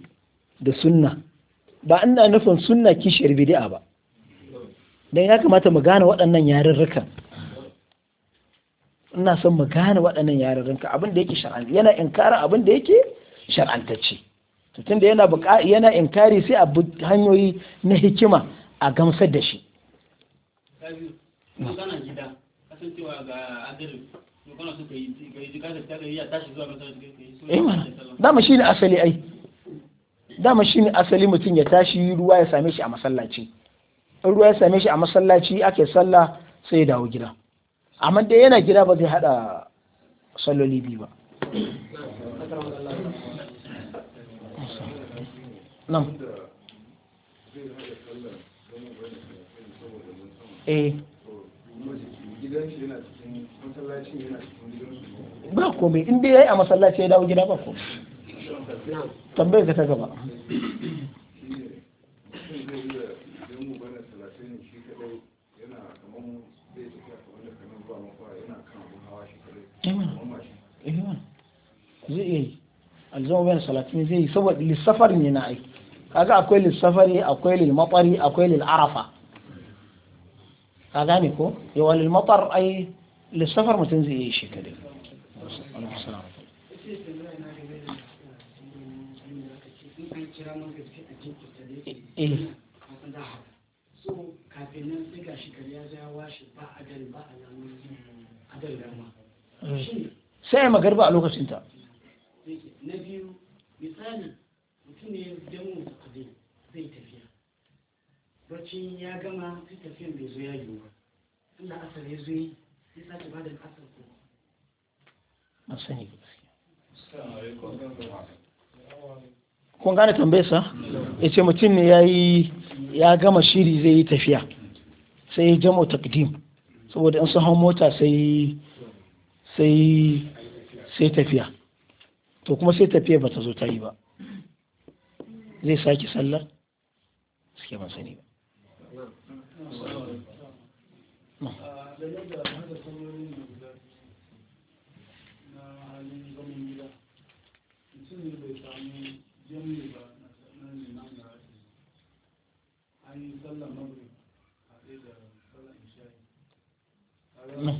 da sunna ba ina nufin sunna kishiyar bidi'a ba dan ya kamata mu gane waɗannan yarurrukan ina son mu gane waɗannan ka abin da yake shar'an yana inkara abin da yake shar'antacce to tunda yana yana inkari sai a hanyoyi na hikima a gamsar da shi dama shi ne asali ai dama shi ne asali mutum ya tashi ruwa ya same shi a masallaci in ruwa ya same shi a masallaci ake sallah sai ya dawo gida amma dai yana gida ba zai hada salloli biyu ba
nan eh
ba komai inda ya yi a masallaci ya dawo gida ba komai tambayar ka ta gaba zai iya yi alzama bayan salatin zai yi saboda lissafari ne na aiki kaga akwai lissafari akwai lilmatsari akwai lil'arafa ka gane ko yawa lilmatsar ai lissafar mutum zai yi shi eh. sai a lokacin ta. magarba a lokacinta
na biyu misali mutum ya yi jamu mutaqaddim zai tafiya bacci ya gama sai tafiyan bai zo ya yi ba inda asar ya zo yi sai sake ba da asar ko
a sani kun gane tambayarsa ya ce mutum ne ya yi ya gama shiri zai yi tafiya sai ya jamo takdim saboda in sun hau mota sai sai tafiya to kuma sai tafiya ba ta zo ta yi ba zai sake sallah suke ban sani ba
No.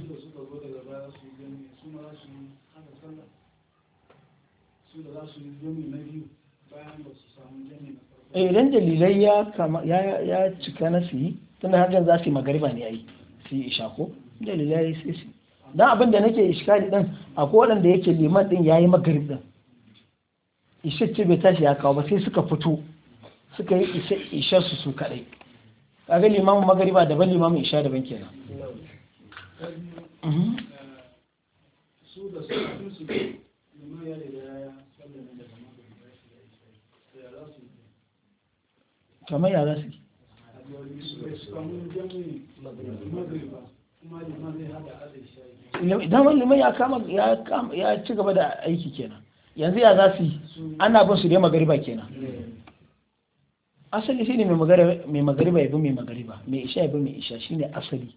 eh idan za su yi ya na biyu bayan ba su samu
na eh, ya cika na su yi tunda har za su yi magariba ne ai su yi isha ko dalilai sai su dan abin da nake iskali din akwai wadanda yake liman din yayi magarib din isha ce bai tashi ya kawo ba sai suka fito suka yi isha su su kadai kaga liman magariba daban mu isha daban kenan
mhm. eh, su da su su kama ya za su yi damar liman
ya kama ya ci gaba da aiki kenan yanzu ya za su yi ana bin su dai magariba kenan asali shine mai magariba ya bin mai magariba mai isha ya bin mai isha shine asali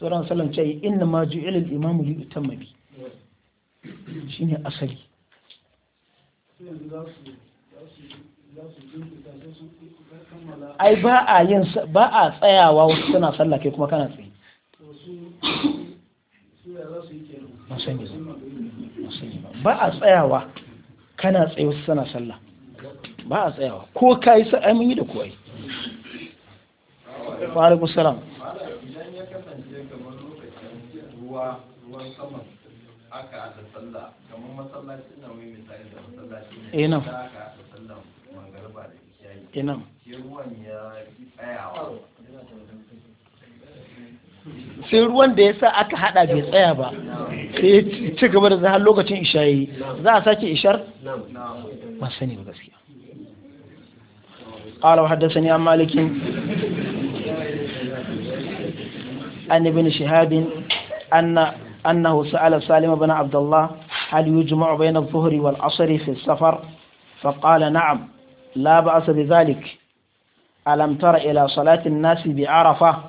sauran salon ce inna ma ju'ila al-imam li mabi shi shine asali ai ba a yin ba a tsayawa wasu suna sallah kai kuma kana tsaye ba a tsayawa kana tsaye wasu suna sallah ba a tsayawa ko ka yi sa'ai mun yi da kuwa yi
alaikun salam idan ya kasance kamar
lokacin ruwa ruwan sama aka da sallah kamar masallacin nan wai misali da masallacin eh, da aka da sallah ina sai ruwan da ya sa aka hada bai tsaya ba sai ya ci gaba da zahar lokacin ishayi za a sake ishar ba sani ba gaskiya قال وحدثني عن مالك عن ابن شهاب أن أنه سأل سالم بن عبد الله هل يجمع بين الظهر والعصر في السفر فقال نعم لا بأس بذلك ألم تر إلى صلاة الناس بعرفة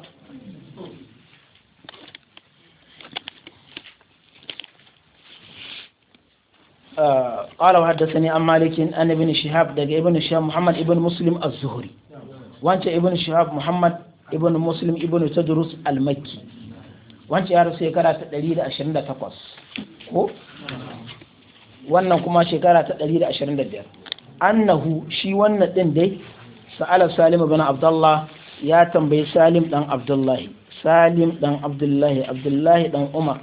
آه قال وحدثني عن مالك عن ابن شهاب دق ابن شهاب محمد ابن مسلم الزهري وانت ابن شهاب محمد ابن مسلم ابن تدرس المكي وانت يا رسول كرة تدليل أشرين تقص wannan kuma shekara ta 125 annahu shi wannan ɗin dai sa'ala salim bin abdullah ya tambayi salim dan abdullahi salim dan abdullahi abdullahi dan umar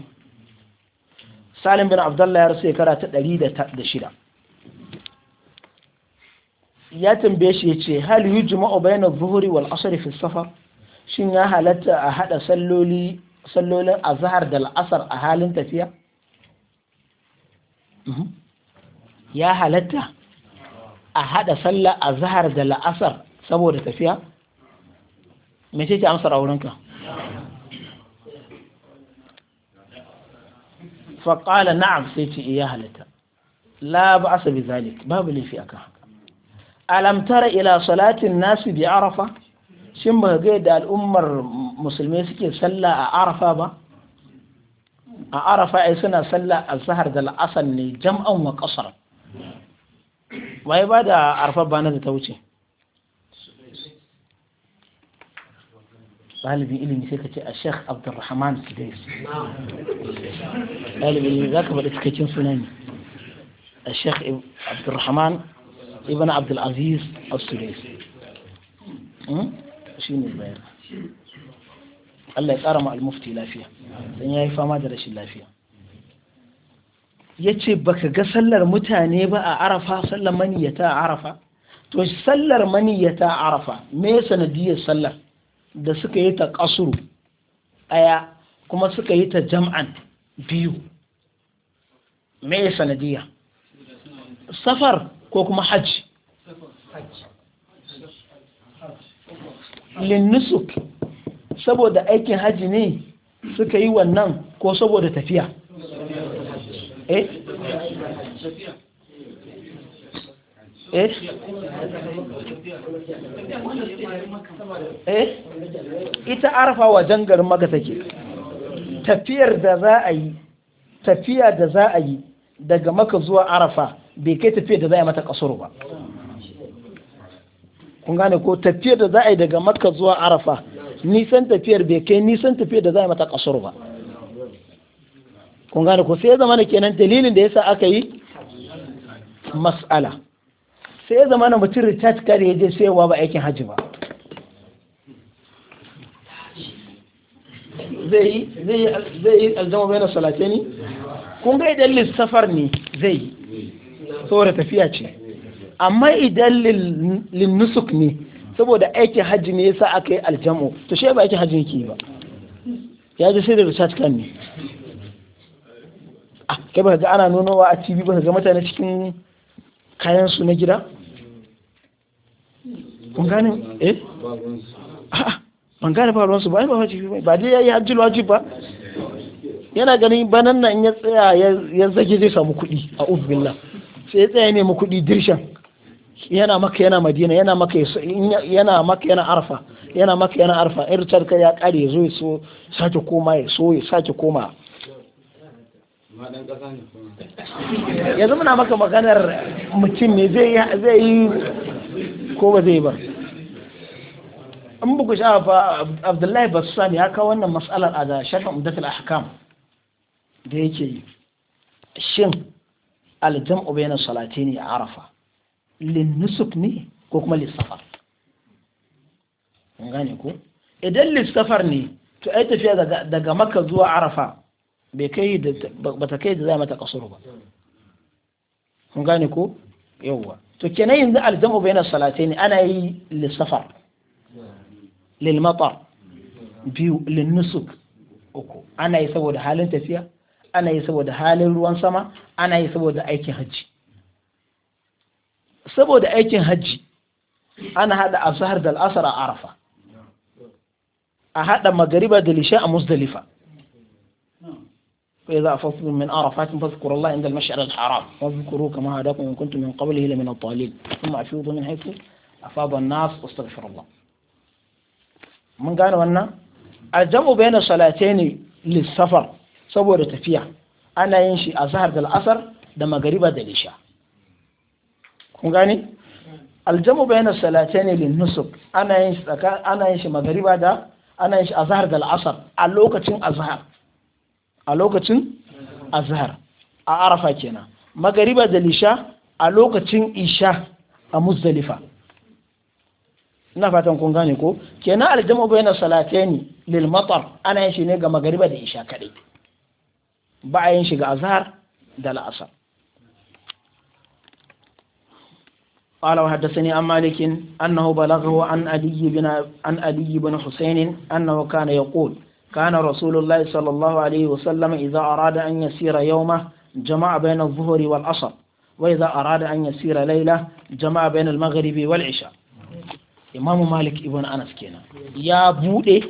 salim bin Abdullah ya rasu shekara ta ɗari da shida ya tambaye shi ya ce hal yujma'u bayna zuhuri wal asr fi safar shin ya halatta a hada sallolin azhar da al'asar a halin tafiya mhm. ya halatta a haɗa sallah a zahar da la'asar saboda tafiya me ce amsar a wurinka faƙala na'am sai ce iya eh, halitta la ba asa bi zalik babu laifi akan haka alam ila salatin nasu bi arafa shin ba ga da al'ummar musulmai suke sallah a arafa ba a arafa ai suna sallah a zahar da la'asar ne jam'an wa ƙasar waye ba da arfa bana da ta wuce ɗalibin ilimi sai ka ce a sheikh abdulrahman sudais
ɗalibin ilimi za ka faɗi cikakken
suna ne a sheikh abdulrahman ibn abdulaziz al-sudais shi ne bayan Allah ya ƙara ma al-mufti lafiya don ya yi fama da rashin lafiya ya ce ba ka ga sallar mutane ba a arafa sallar maniyyata a arafa to sallar maniyyata a arafa me sanadiyar sallar da suka yi ta kasuru ɗaya kuma suka yi ta jam'an biyu me sanadiyar safar ko kuma hajji linnusuk saboda aikin hajji ne suka yi wannan ko saboda tafiya Eh? eh eh ita arfa wajen garin maka take tafiyar da za a yi tafiya da za a yi daga maka zuwa arafa bai kai tafiya da za a yi mata kasuru ba kun gane ko tafiyar da za a yi daga maka zuwa arafa nisan tafiyar bai kai nisan tafiyar da za a yi mata kasuru ba kun gane ko sai ya kenan dalilin da yasa aka yi mas'ala sai ya zama mutum recharge kare ya je sayowa ba aikin hajji ba zai yi aljama bai na salate ne kun ga idan lissafar ne zai yi saboda tafiya ce amma idan linnusuk ne saboda aikin hajji ne yasa aka yi aljamu to shi ba aikin hajji yake ba ya ji sai da recharge kan ne kai ba ga ana nunowa a tv ba ga mutane cikin kayan su na gida kun gane eh ban gane ba su ba ba wajibi ba dai yayi hajjul wajib ba yana ganin banan nan ya tsaya ya zage zai samu kuɗi a billah sai ya tsaya ne mu kuɗi dirshan yana maka yana madina yana maka yana maka yana arfa yana maka yana arfa irtar ka ya kare ya zo ya so sake koma ya so ya sake koma yanzu muna maka maganar mutum ne zai yi ko ba zai ba in buku sha ba abdullahi bassan ya kawo wannan matsalar a da shafin umdatul ahkam da yake yi shin aljam'u bayna salataini a arafa lin nusuk ne ko kuma lissafar kun gane ko idan lissafar ne to ai tafiya daga makka zuwa arafa ba ta bata kai da za mata kasuru ba kun gane ko yawwa to kenan yanzu aljamu bayna ne ana yi lissafar lil biyu lin uku ana yi saboda halin tafiya ana yi saboda halin ruwan sama ana yi saboda aikin hajji saboda aikin hajji ana hada azhar da al'asar a arafa a hada magariba da lishe a musdalifa وإذا فصل من أرفات فاذكروا الله عند المشعر الحرام واذكروا كما هداكم إن كنتم من قبله لمن الطالب ثم أفيضوا من حيث أفاض الناس واستغفر الله من قال أن الجمع بين صلاتين للسفر صبر تفيع أنا ينشي أزهر الأثر دم غريبة دليشة كون الجمع بين الصلاتين للنسك أنا ينشي أنا ينشي مغربة دا أنا ينشي أزهر الأثر اللوكة تين أزهر a lokacin azhar a arafa kenan magariba da lisha a lokacin isha a muzdalifa ina fatan kun gane ko kenan aljamu bayna salataini lil matar ana yin shi ne ga magariba da isha kadai ba a yin shi ga azhar da la'asar قال وحدثني عن مالك أنه بلغه عن علي بن عن علي بن حسين أنه كان يقول كان رسول الله صلى الله عليه وسلم إذا أراد أن يسير يومه جمع بين الظهر والعصر وإذا أراد أن يسير ليلة جمع بين المغرب والعشاء إمام مالك ابن أنس كينا يا بودي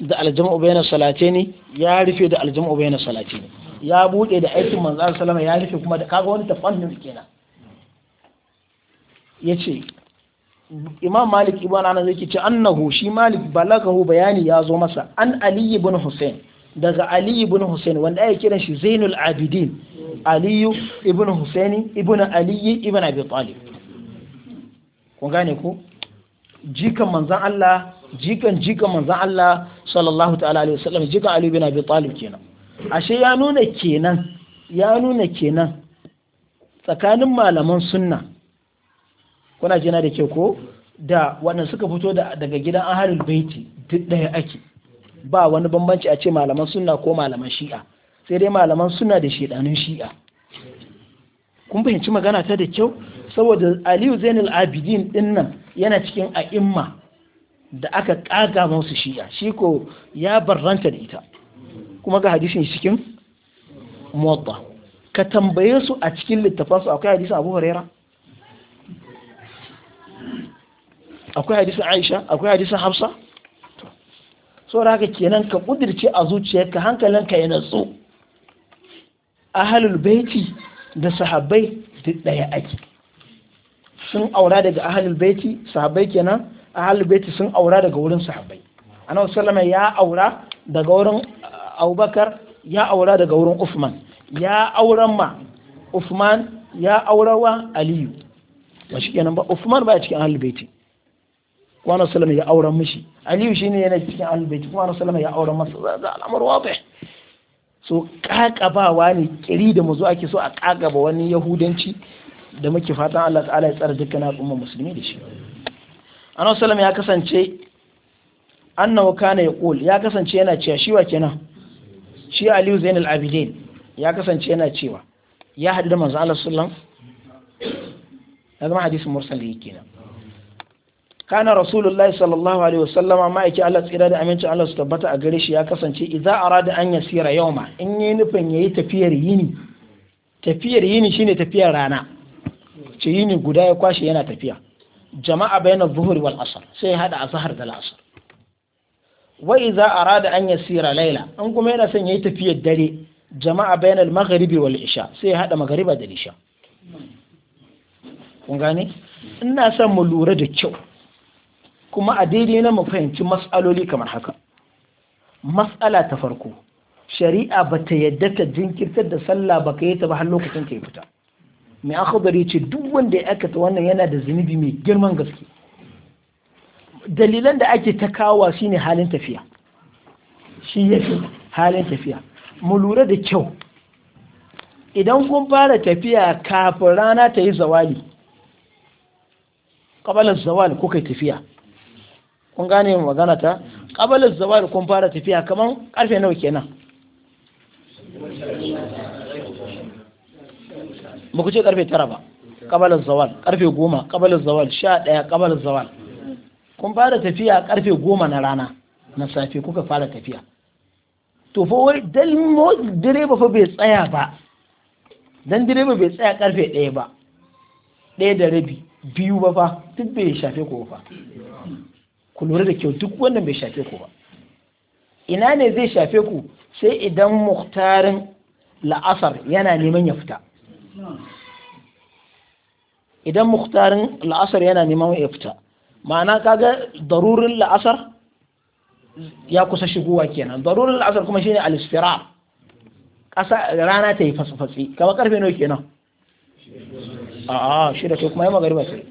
da aljama'u bayna salatini ya rufe da aljama'u bayna salatini ya bude da aikin manzo sallama ya rufe kuma da kaga wani tafannin kenan yace imam malik ibn anas yake ce annahu shi malik balakahu, bayani ya zo masa an ali ibn hussein daga ali ibn hussein wanda ake kiran shi zainul abidin ali ibn Hussein, ibn ali ibn abi talib kun gane ko jikan manzan Allah jikan jikan manzan Allah sallallahu ta'ala alaihi wasallam jikan ali ibn abi talib kenan ashe ya nuna kenan ya nuna kenan tsakanin malaman sunna kuna jina da ke ko da wannan suka fito daga gidan ahalul baiti duk ɗaya ake ba wani bambanci a ce malaman sunna ko malaman shi'a sai dai malaman suna da shedanun shi'a kun fahimci magana ta da kyau saboda aliyu zainul abidin din nan yana cikin a'imma da aka kaga musu shi'a shi ko ya barranta da ita kuma ga hadisin cikin muwatta ka tambaye su a cikin littafansu akwai hadisin abu hurairah akwai hadisin aisha akwai hadisin hafsa so haka kenan ka kudirce a zuciyarka hankalinka ya natsu ahalul baiti da sahabbai duk daya ake sun aura daga ahalul baiti sahabbai kenan ahalul baiti sun aura daga wurin sahabbai annabi sallama ya aura daga wurin uh, abubakar ya aura daga wurin usman ya auren ma usman ya aurawa aliyu ba shi kenan ba usman ba cikin ahalul baiti kuma na sallama ya auren mishi aliyu shine yana cikin albaiti kuma na ya auren masa za al'amar wabe so kakabawa ne kiri da mazu ake so a kakaba wani yahudanci da muke fatan Allah ta'ala ya tsara dukkan al'umma musulmi da shi annabi sallama ya kasance annahu kana yaqul ya kasance yana cewa shi wa kenan shi aliyu zainul abidin ya kasance yana cewa ya haɗu da manzo Allah sallam ya zama hadisin mursal da yake nan kana rasulullahi sallallahu alaihi wasallama ma'aiki Allah tsira da amincin Allah su tabbata a gare shi ya kasance idza arada an yasira yawma in yi nufin yayi tafiyar yini tafiyar yini shine tafiyar rana ce yini guda ya kwashe yana tafiya jama'a bayna zuhri wal asr sai ya hada azhar da asr wa idza arada an yasira layla an kuma yana son yayi tafiyar dare jama'a bayna al maghribi wal isha sai ya hada maghriba da isha kun gane ina son mu lura da kyau kuma a daidai na mu fahimci matsaloli kamar haka matsala ta farko shari'a ba ta yadda ta jinkirtar da sallah ba ka yi ta ba har lokacin ka yi fita mai akhbari ce duk wanda ya aikata wannan yana da zunubi mai girman gaske dalilan da ake ta shi shine halin tafiya shi fi halin tafiya mu lura da kyau idan kun fara tafiya kafin rana ta yi zawali kabalar zawal kai tafiya kun gane magana ta ƙabalin zawal kun fara tafiya kamar ƙarfe nawa kenan muku ce ƙarfe tara ba ƙabalin zawal ƙarfe goma ƙabalin zawal sha ɗaya ƙabalin zawal kun fara tafiya ƙarfe goma na rana na safe kuka fara tafiya to fa wai dan direba fa bai tsaya ba dan direba bai tsaya ƙarfe ɗaya ba ɗaya da rabi biyu ba fa duk bai shafe ko fa ku lura da kyau duk wannan bai shafe ku ba ina ne zai shafe ku sai idan muhtarin la'asar yana neman ya fita idan muhtarin la'asar yana neman ya fita ma'ana kaga darurin la'asar ya kusa shigowa kenan darurin la'asar kuma shine al-isfira rana ta yi fasfatsi kamar karfe nawa kenan a'a shida to kuma ya magariba sai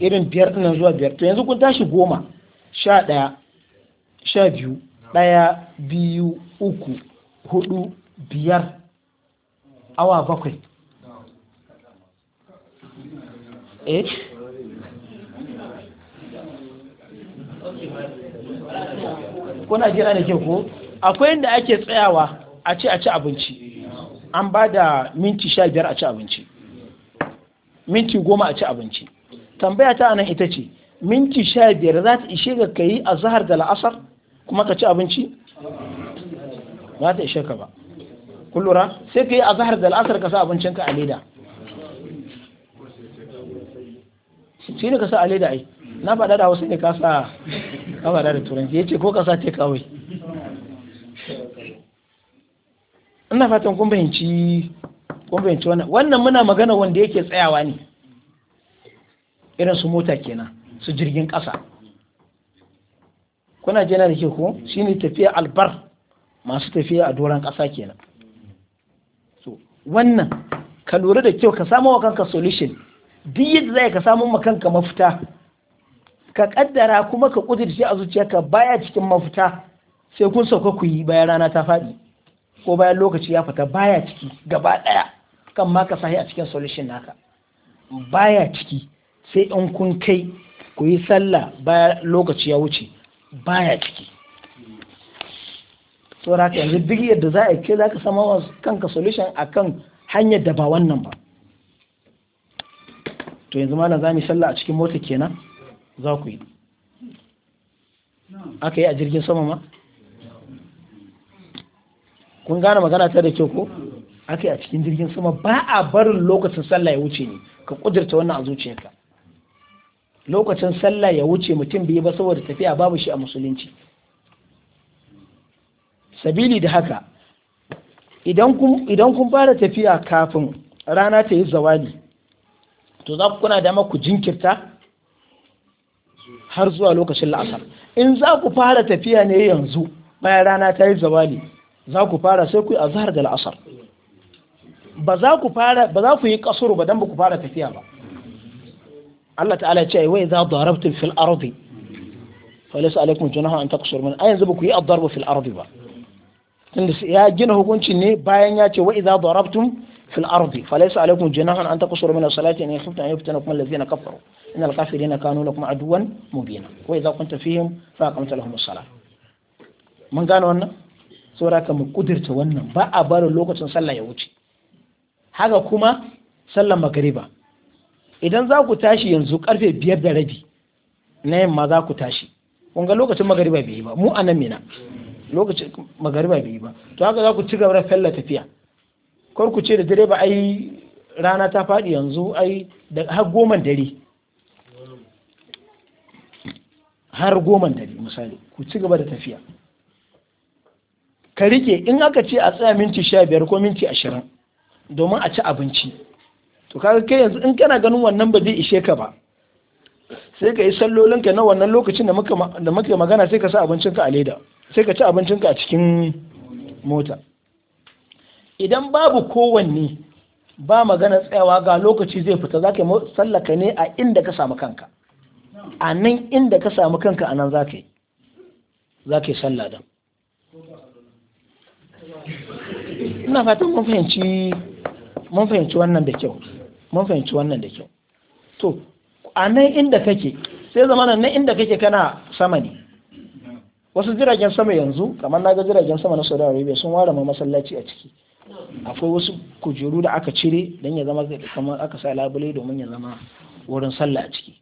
irin biyar nan zuwa biyar to yanzu kun tashi goma sha ɗaya sha biyu ɗaya biyu uku hudu biyar awa bakwai eh kuna jira da ke ko akwai inda ake tsayawa a ce a ci abinci an ba da minti sha biyar a ci abinci minti goma a ci abinci tambaya ta nan ita ce minti sha biyar za ta ishe ga kayi a zahar da la'asar kuma ka ci abinci ba ta ishe ka ba kullura sai ka yi a zahar da la'asar ka sa abincinka a leda shi ne ka sa a leda ai na faɗa da wasu ne ka sa ka faɗa da turanci ya ce ko ka sa te kawai ina fatan kun fahimci kun fahimci wannan wannan muna magana wanda yake tsayawa ne irin su mota kenan su jirgin ƙasa kuna jina da ke ko shine tafiya albar masu tafiya a doron ƙasa kenan so wannan ka lura da kyau ka samu wa kanka solution duk yadda zai ka samu ma kanka mafita ka kaddara kuma ka kudirce a zuciyarka baya cikin mafita sai kun sauka ku yi bayan rana ta faɗi ko bayan lokaci ya fita baya ciki gaba ɗaya kan ma ka sahi a cikin solution naka baya ciki sai in kun kai ku yi sallah baya lokaci ya wuce baya ciki saboda haka yanzu duk yadda za a ke za ka sama wa kanka solution a kan hanyar da ba wannan ba to yanzu malam za mu sallah a cikin mota kenan za ku yi aka yi a jirgin sama ma kun gane magana ta da kyau ko aka yi a cikin jirgin sama ba a barin lokacin sallah ya wuce ne ka kudurta wannan a zuciyarka lokacin sallah ya wuce mutum bai ba saboda tafiya babu shi a musulunci sabili da haka idan kun fara tafiya kafin rana ta yi zawali to za ku kuna dama ku jinkirta har zuwa lokacin la'asar in za ku fara tafiya ne yanzu bayan rana ta yi zawali za ku fara sai ku yi zahar da la'asar ba za ku fara ba za ku yi kasuru ba dan ba ku fara tafiya ba Allah ta'ala ya ce wa idza darabtum fil ardi falaysa alaykum junaha an taqsuru min ayan zubu ku yi ad-darbu fil ardi ba tunda ya gina hukuncin ne bayan ya ce wa idza darabtum fil ardi falaysa alaykum junaha an taqsuru min as-salati in khiftum an yaftanakum alladhina kafaru إن الكافرين كانوا لكم عدوا مبينا وإذا كنت فيهم فأقمت لهم الصلاة من قالوا أن سورة كم قدرت وأن بقى بار اللوكة صلى يوتي haka kuma sallan magariba idan za ku tashi yanzu karfe biyar da rabi na yamma za ku tashi ga lokacin magariba bai yi ba mu a nan mina lokacin magariba bai yi ba to haka za ku ci gaba da fella tafiya kar ku ce da dare ba ai rana ta faɗi yanzu ai da har goma dare har goma dare misali ku ci gaba da tafiya ka rike in aka ce a tsaya minti sha biyar ko minti ashirin domin a ci abinci to kaga kai yanzu in kana ganin wannan ba zai ishe ka ba sai ka yi sallolin ka na wannan lokacin da muka magana sai ka sa abincin ka a leda sai ka ci abincin ka a cikin mota idan babu kowanne ba magana tsayawa ga lokaci zai fita za sallaka ne a inda ka samu kanka a nan inda ka samu kanka a nan yi zaka yi sallah ina fatan mun fahimci mun fahimci wannan da kyau mun fahimci wannan da kyau to a nan inda kake sai zamanin nan inda kake kana sama ne wasu jiragen sama yanzu kamar naga ga jiragen sama na saudi arabia sun ware ma masallaci a ciki akwai wasu kujeru da aka cire don ya zama kamar aka sa labule domin ya zama wurin sallah a ciki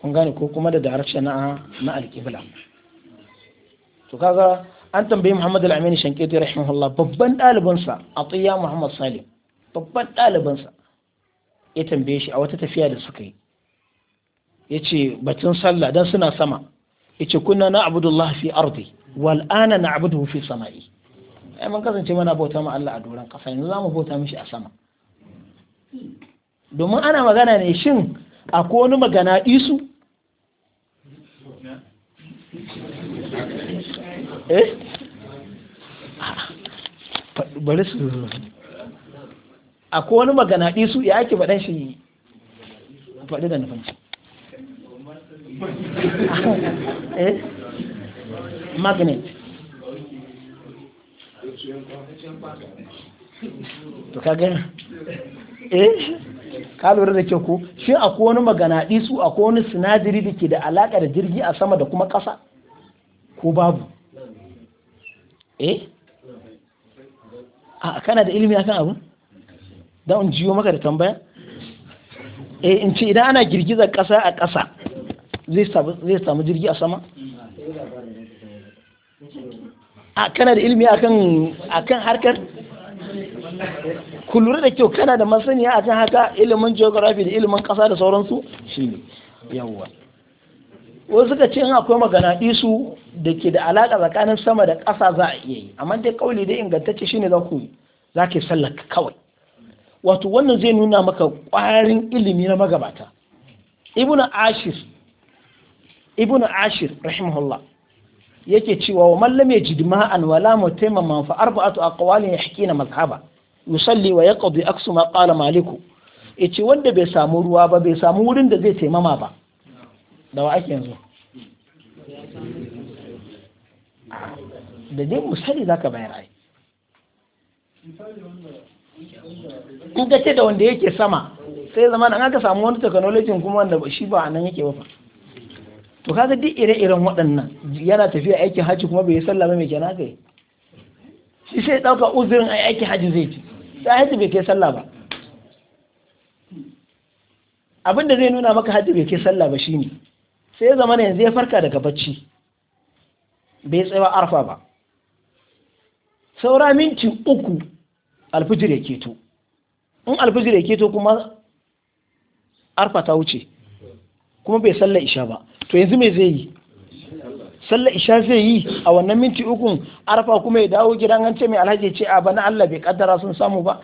kun gane ko kuma da darakta na na to kaga an tambayi Muhammad al-Amin Shankiti rahimahullah babban ɗalibansa a tsiya Muhammad Salim babban ɗalibansa ya tambaye shi a wata tafiya da suka yi ya ce batun sallah dan suna sama ya ce kunna na abudullah fi ardi wal ana na abudu fi sama'i ai mun kasance mana bauta ma Allah a doran kasa yanzu zamu bauta mishi a sama domin ana magana ne shin akwai wani magana isu eh bari su akwai wani maganaɗi su ya ake faɗan shi faɗi da nufin eh magnet to kaga eh ka lura da kyau ko shi akwai wani maganaɗi su akwai wani sinadari da ke da alaƙa da jirgi a sama da kuma ƙasa ko babu eh a kana da ilimi akan abu da in jiyo maka da tambaya eh in ce idan ana girgizar ƙasa a ƙasa zai samu jirgi a sama a kana da ilimi akan harkar ku lura da kyau kana da masaniya akan haka ilimin geography da ilimin ƙasa da sauransu
shi ne yawwa
wasu suka ce in akwai magana isu da ke da alaƙa tsakanin sama da ƙasa za a iya yi amma dai kauli dai ingantacce shine za ku za ka sallaka kawai wato wannan zai nuna maka ƙwarin ilimi na magabata ibnu ashir ibnu ashir rahimahullah yake cewa wa mallam ya jidma'an wala a fa arba'atu aqwalin yahkina mazhaba yusalli wa yaqdi aksu ma qala maliku yace wanda bai samu ruwa ba bai samu wurin da zai taimama ba da wa ake yanzu da dai misali za ka bayar ai
in ka ce da wanda yake sama
sai zama an aka samu wani technology kuma wanda shi ba a nan yake ba to kaga duk ire-iren waɗannan yana tafiya aikin hajji kuma bai yi sallah ba mai kenan kai shi sai ɗauka uzurin ai aikin hajji zai ci sai hajji bai kai sallah ba abin da zai nuna maka hajji bai kai sallah ba shine sai zama ne yanzu ya farka daga bacci bai tsawa arfa ba saura minti uku alfijir ya keto in alfijir ya keto kuma arfa ta wuce kuma bai sallar isha ba to yanzu me zai yi sallar isha zai yi a wannan minti ukun arfa kuma ya dawo gidan an ce mai alhaji ce a bana Allah bai kaddara sun samu ba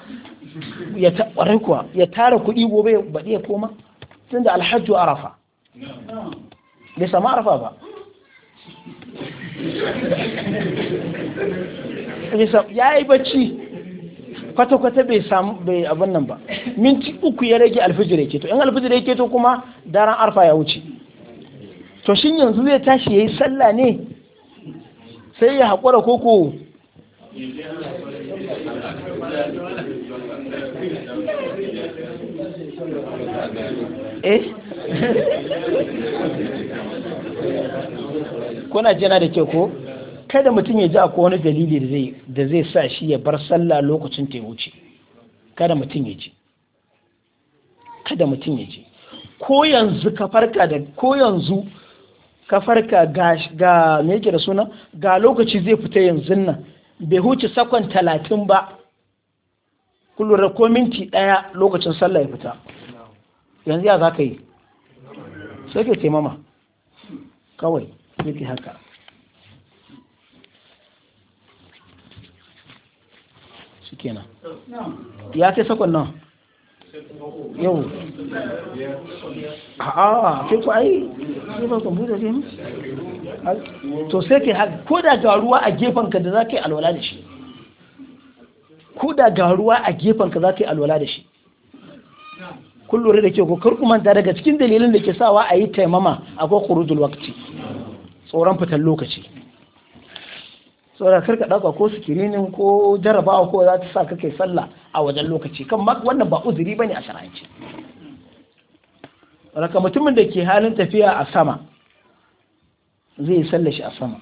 ya tara kuɗi gobe ba ɗaya koma koma tunda alhaji arafa bai samu arfa ba
ya yi bacci
kwata-kwata bai samu bai abin nan ba minti uku ya rage alfijir ya keto in alfijir ya keto kuma daren arfa ya wuce to shin yanzu zai tashi ya yi sallah ne sai ya haƙura koko
eh
kuna jina da ke ko kada mutum ya ji akwai wani dalili da zai sa shi ya bar sallah lokacin ta wuce kada mutum ya ji kada mutum ya ji ko yanzu ka farka da ko yanzu ka farka ga ga me yake da suna ga lokaci zai fita yanzu nan bai huce sakon talatin ba kullum ko minti ɗaya lokacin sallah ya fita yanzu ya za ka yi sai ke taimama kawai nufi haka shikenan
ya kai sakon nan yau
a'a sai ku ai sai ba kwamfuta sai to sai ke ko da ga ruwa a gefen ka da za ka yi alwala da shi ko da ga ruwa a gefen ka za ka yi alwala da shi kun da ke ko kar kuma daga cikin dalilin da ke sawa a yi taimama akwai khurujul waqti tsoron fitar lokaci saboda kar ka dauka ko sikirinin ko jarabawa ko za ta sa ka kai sallah a wajen lokaci kan wannan ba uzuri ba ne a shar'anci raka mutumin da ke halin tafiya a sama zai salla shi a sama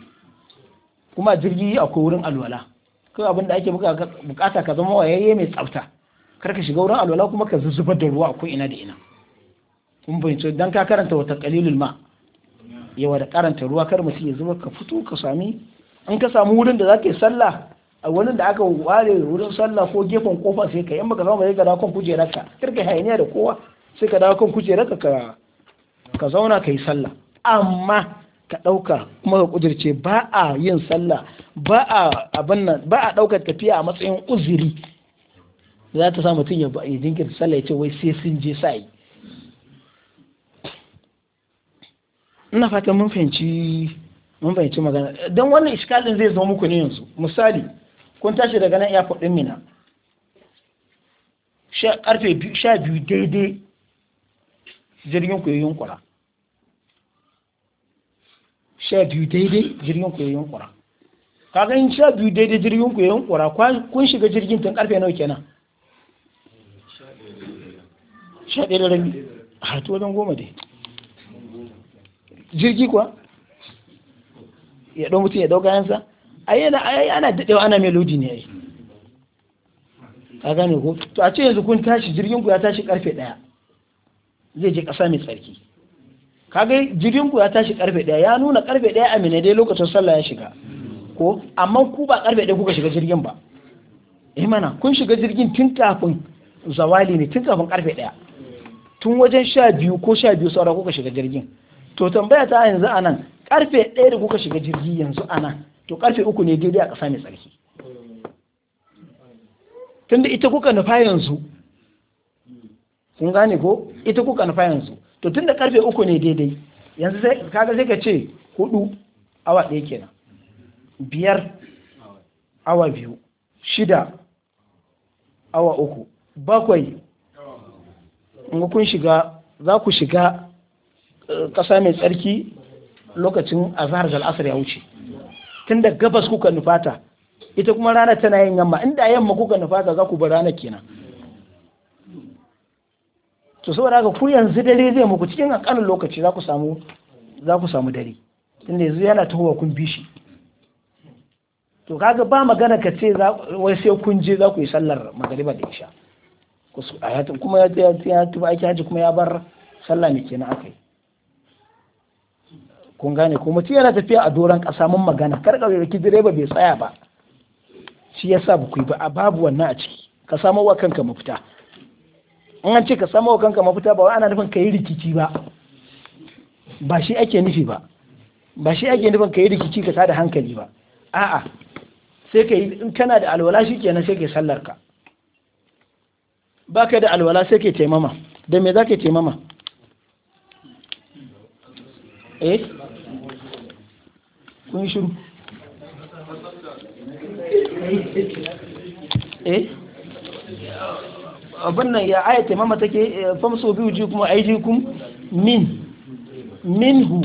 kuma jirgi akwai wurin alwala kai abin da ake bukata ka zama wayayye mai tsafta kar ka shiga wurin alwala kuma ka zuzubar da ruwa ko ina da ina kun fahimci dan ka karanta wata qalilul ma yawa da karanta ruwa kar mutum ya zuba ka fito ka sami in ka samu wurin da za ka yi sallah a wurin da aka ware wurin sallah ko gefen kofa sai ka yi baka zama sai ka dawo kan kujerarka kirka hayaniya da kowa sai ka dawo kan kujerarka ka ka zauna ka yi sallah amma ka ɗauka kuma ka kudirce ba a yin sallah ba a abin nan ba a ɗaukar tafiya a matsayin uzuri za ta sa mutum ya jinkirta sallah ya ce wai sai sun je sa ina fatan mun fahimci mun fahimci magana don wannan iskalin zai zo muku ne yanzu misali kun tashi daga nan airport din mina sha karfe sha biyu daidai jirgin ku yayin kura sha biyu daidai jirgin ku yayin kura kaga in sha biyu daidai jirgin ku yayin kura kun shiga jirgin tun karfe nawa kenan sha ɗaya da rabi a to wajen goma dai jirgi kuwa ya ɗau mutum ya ɗau kayansa ai ana daɗewa ana mai lodi ne ai ka gane ko to a ce yanzu kun tashi jirgin ku ya tashi karfe ɗaya zai je ƙasa mai tsarki kaga jirgin ku ya tashi karfe ɗaya ya nuna karfe ɗaya a dai lokacin sallah ya shiga ko amma ku ba karfe ɗaya kuka shiga jirgin ba eh mana kun shiga jirgin tun kafin zawali ne tun kafin karfe ɗaya tun wajen sha biyu ko sha biyu saura kuka shiga jirgin to tambaya ta yanzu anan karfe ɗaya da kuka shiga jirgi yanzu anan to karfe uku ne daidai a ƙasa mai tsarki tunda ita kuka nufa yanzu kun gane ko ita kuka nufa yanzu to tunda karfe uku ne daidai yanzu sai kaga sai ka ce hudu awa ɗaya kenan biyar awa biyu shida awa uku bakwai in kun shiga za ku shiga ƙasa mai tsarki lokacin azhar da al'asar ya wuce tun da gabas kuka nufata ita kuma rana tana yin yamma inda yamma kuka nufata za ku bar rana kenan to saboda haka ku yanzu dare zai muku cikin akalin lokaci za ku samu dare tunda yanzu yana tahowa kun bishi to kaga ba magana ka ce wai sai kun je za ku yi sallar magariba da isha kuma ya tuba aiki haji kuma ya bar sallah mai kenan akai kun gane kuma mutum yana tafiya a doron ƙasa mun magana kar ka ki direba bai tsaya ba shi yasa ba ku yi ba a babu wannan a ciki ka samo wa kanka mafita in an ce ka samo wa kanka mafita ba wai ana nufin ka yi rikici ba ba shi ake nufi ba ba shi ake nufin ka yi rikici ka tada hankali ba a'a sai ka yi in kana da alwala shi kenan sai ka yi sallar ka baka da alwala sai ka taimama da me za ka taimama eh kun shiru eh abin nan ya ayyata taimama take eh, famso biyu ji kuma aijikum min minhu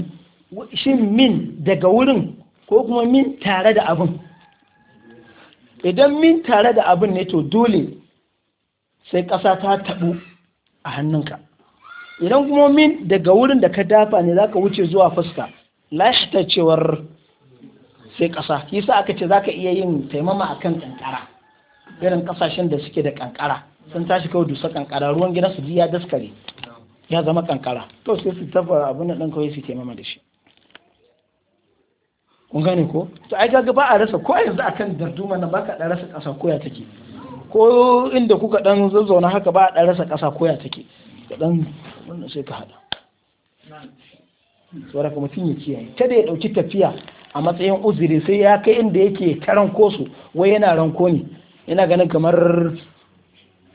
shin min daga wurin ko kuma min tare da abin idan min tare da abin ne to dole sai ƙasa ta taɓu a hannunka idan kuma min daga wurin da ka dafa ne za ka wuce zuwa fuska cewar. sai ƙasa yasa aka ce za ka iya yin taimama akan ƙanƙara irin ƙasashen da suke da ƙanƙara sun tashi kawai dusa ƙanƙara ruwan gina su ya daskare ya zama ƙanƙara to sai su tafa abin ɗan kawai su taimama da shi kun gane ko to ai ga ba a rasa ko yanzu akan darduma na baka da rasa ƙasa koya take ko inda kuka dan zazzauna haka ba a dan rasa ƙasa koya take ka dan wannan sai ka hada saboda kuma mutum ya kiyaye da ya dauki tafiya a matsayin uziri sai ya kai inda yake ta ranko su wai yana ranko ne yana ganin kamar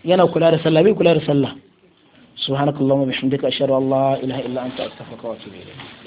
yana kula da sallah bai kula da sallah subhanakallahumma bihamdika ashhadu an la ilaha illa anta astaghfiruka wa atubu ilayk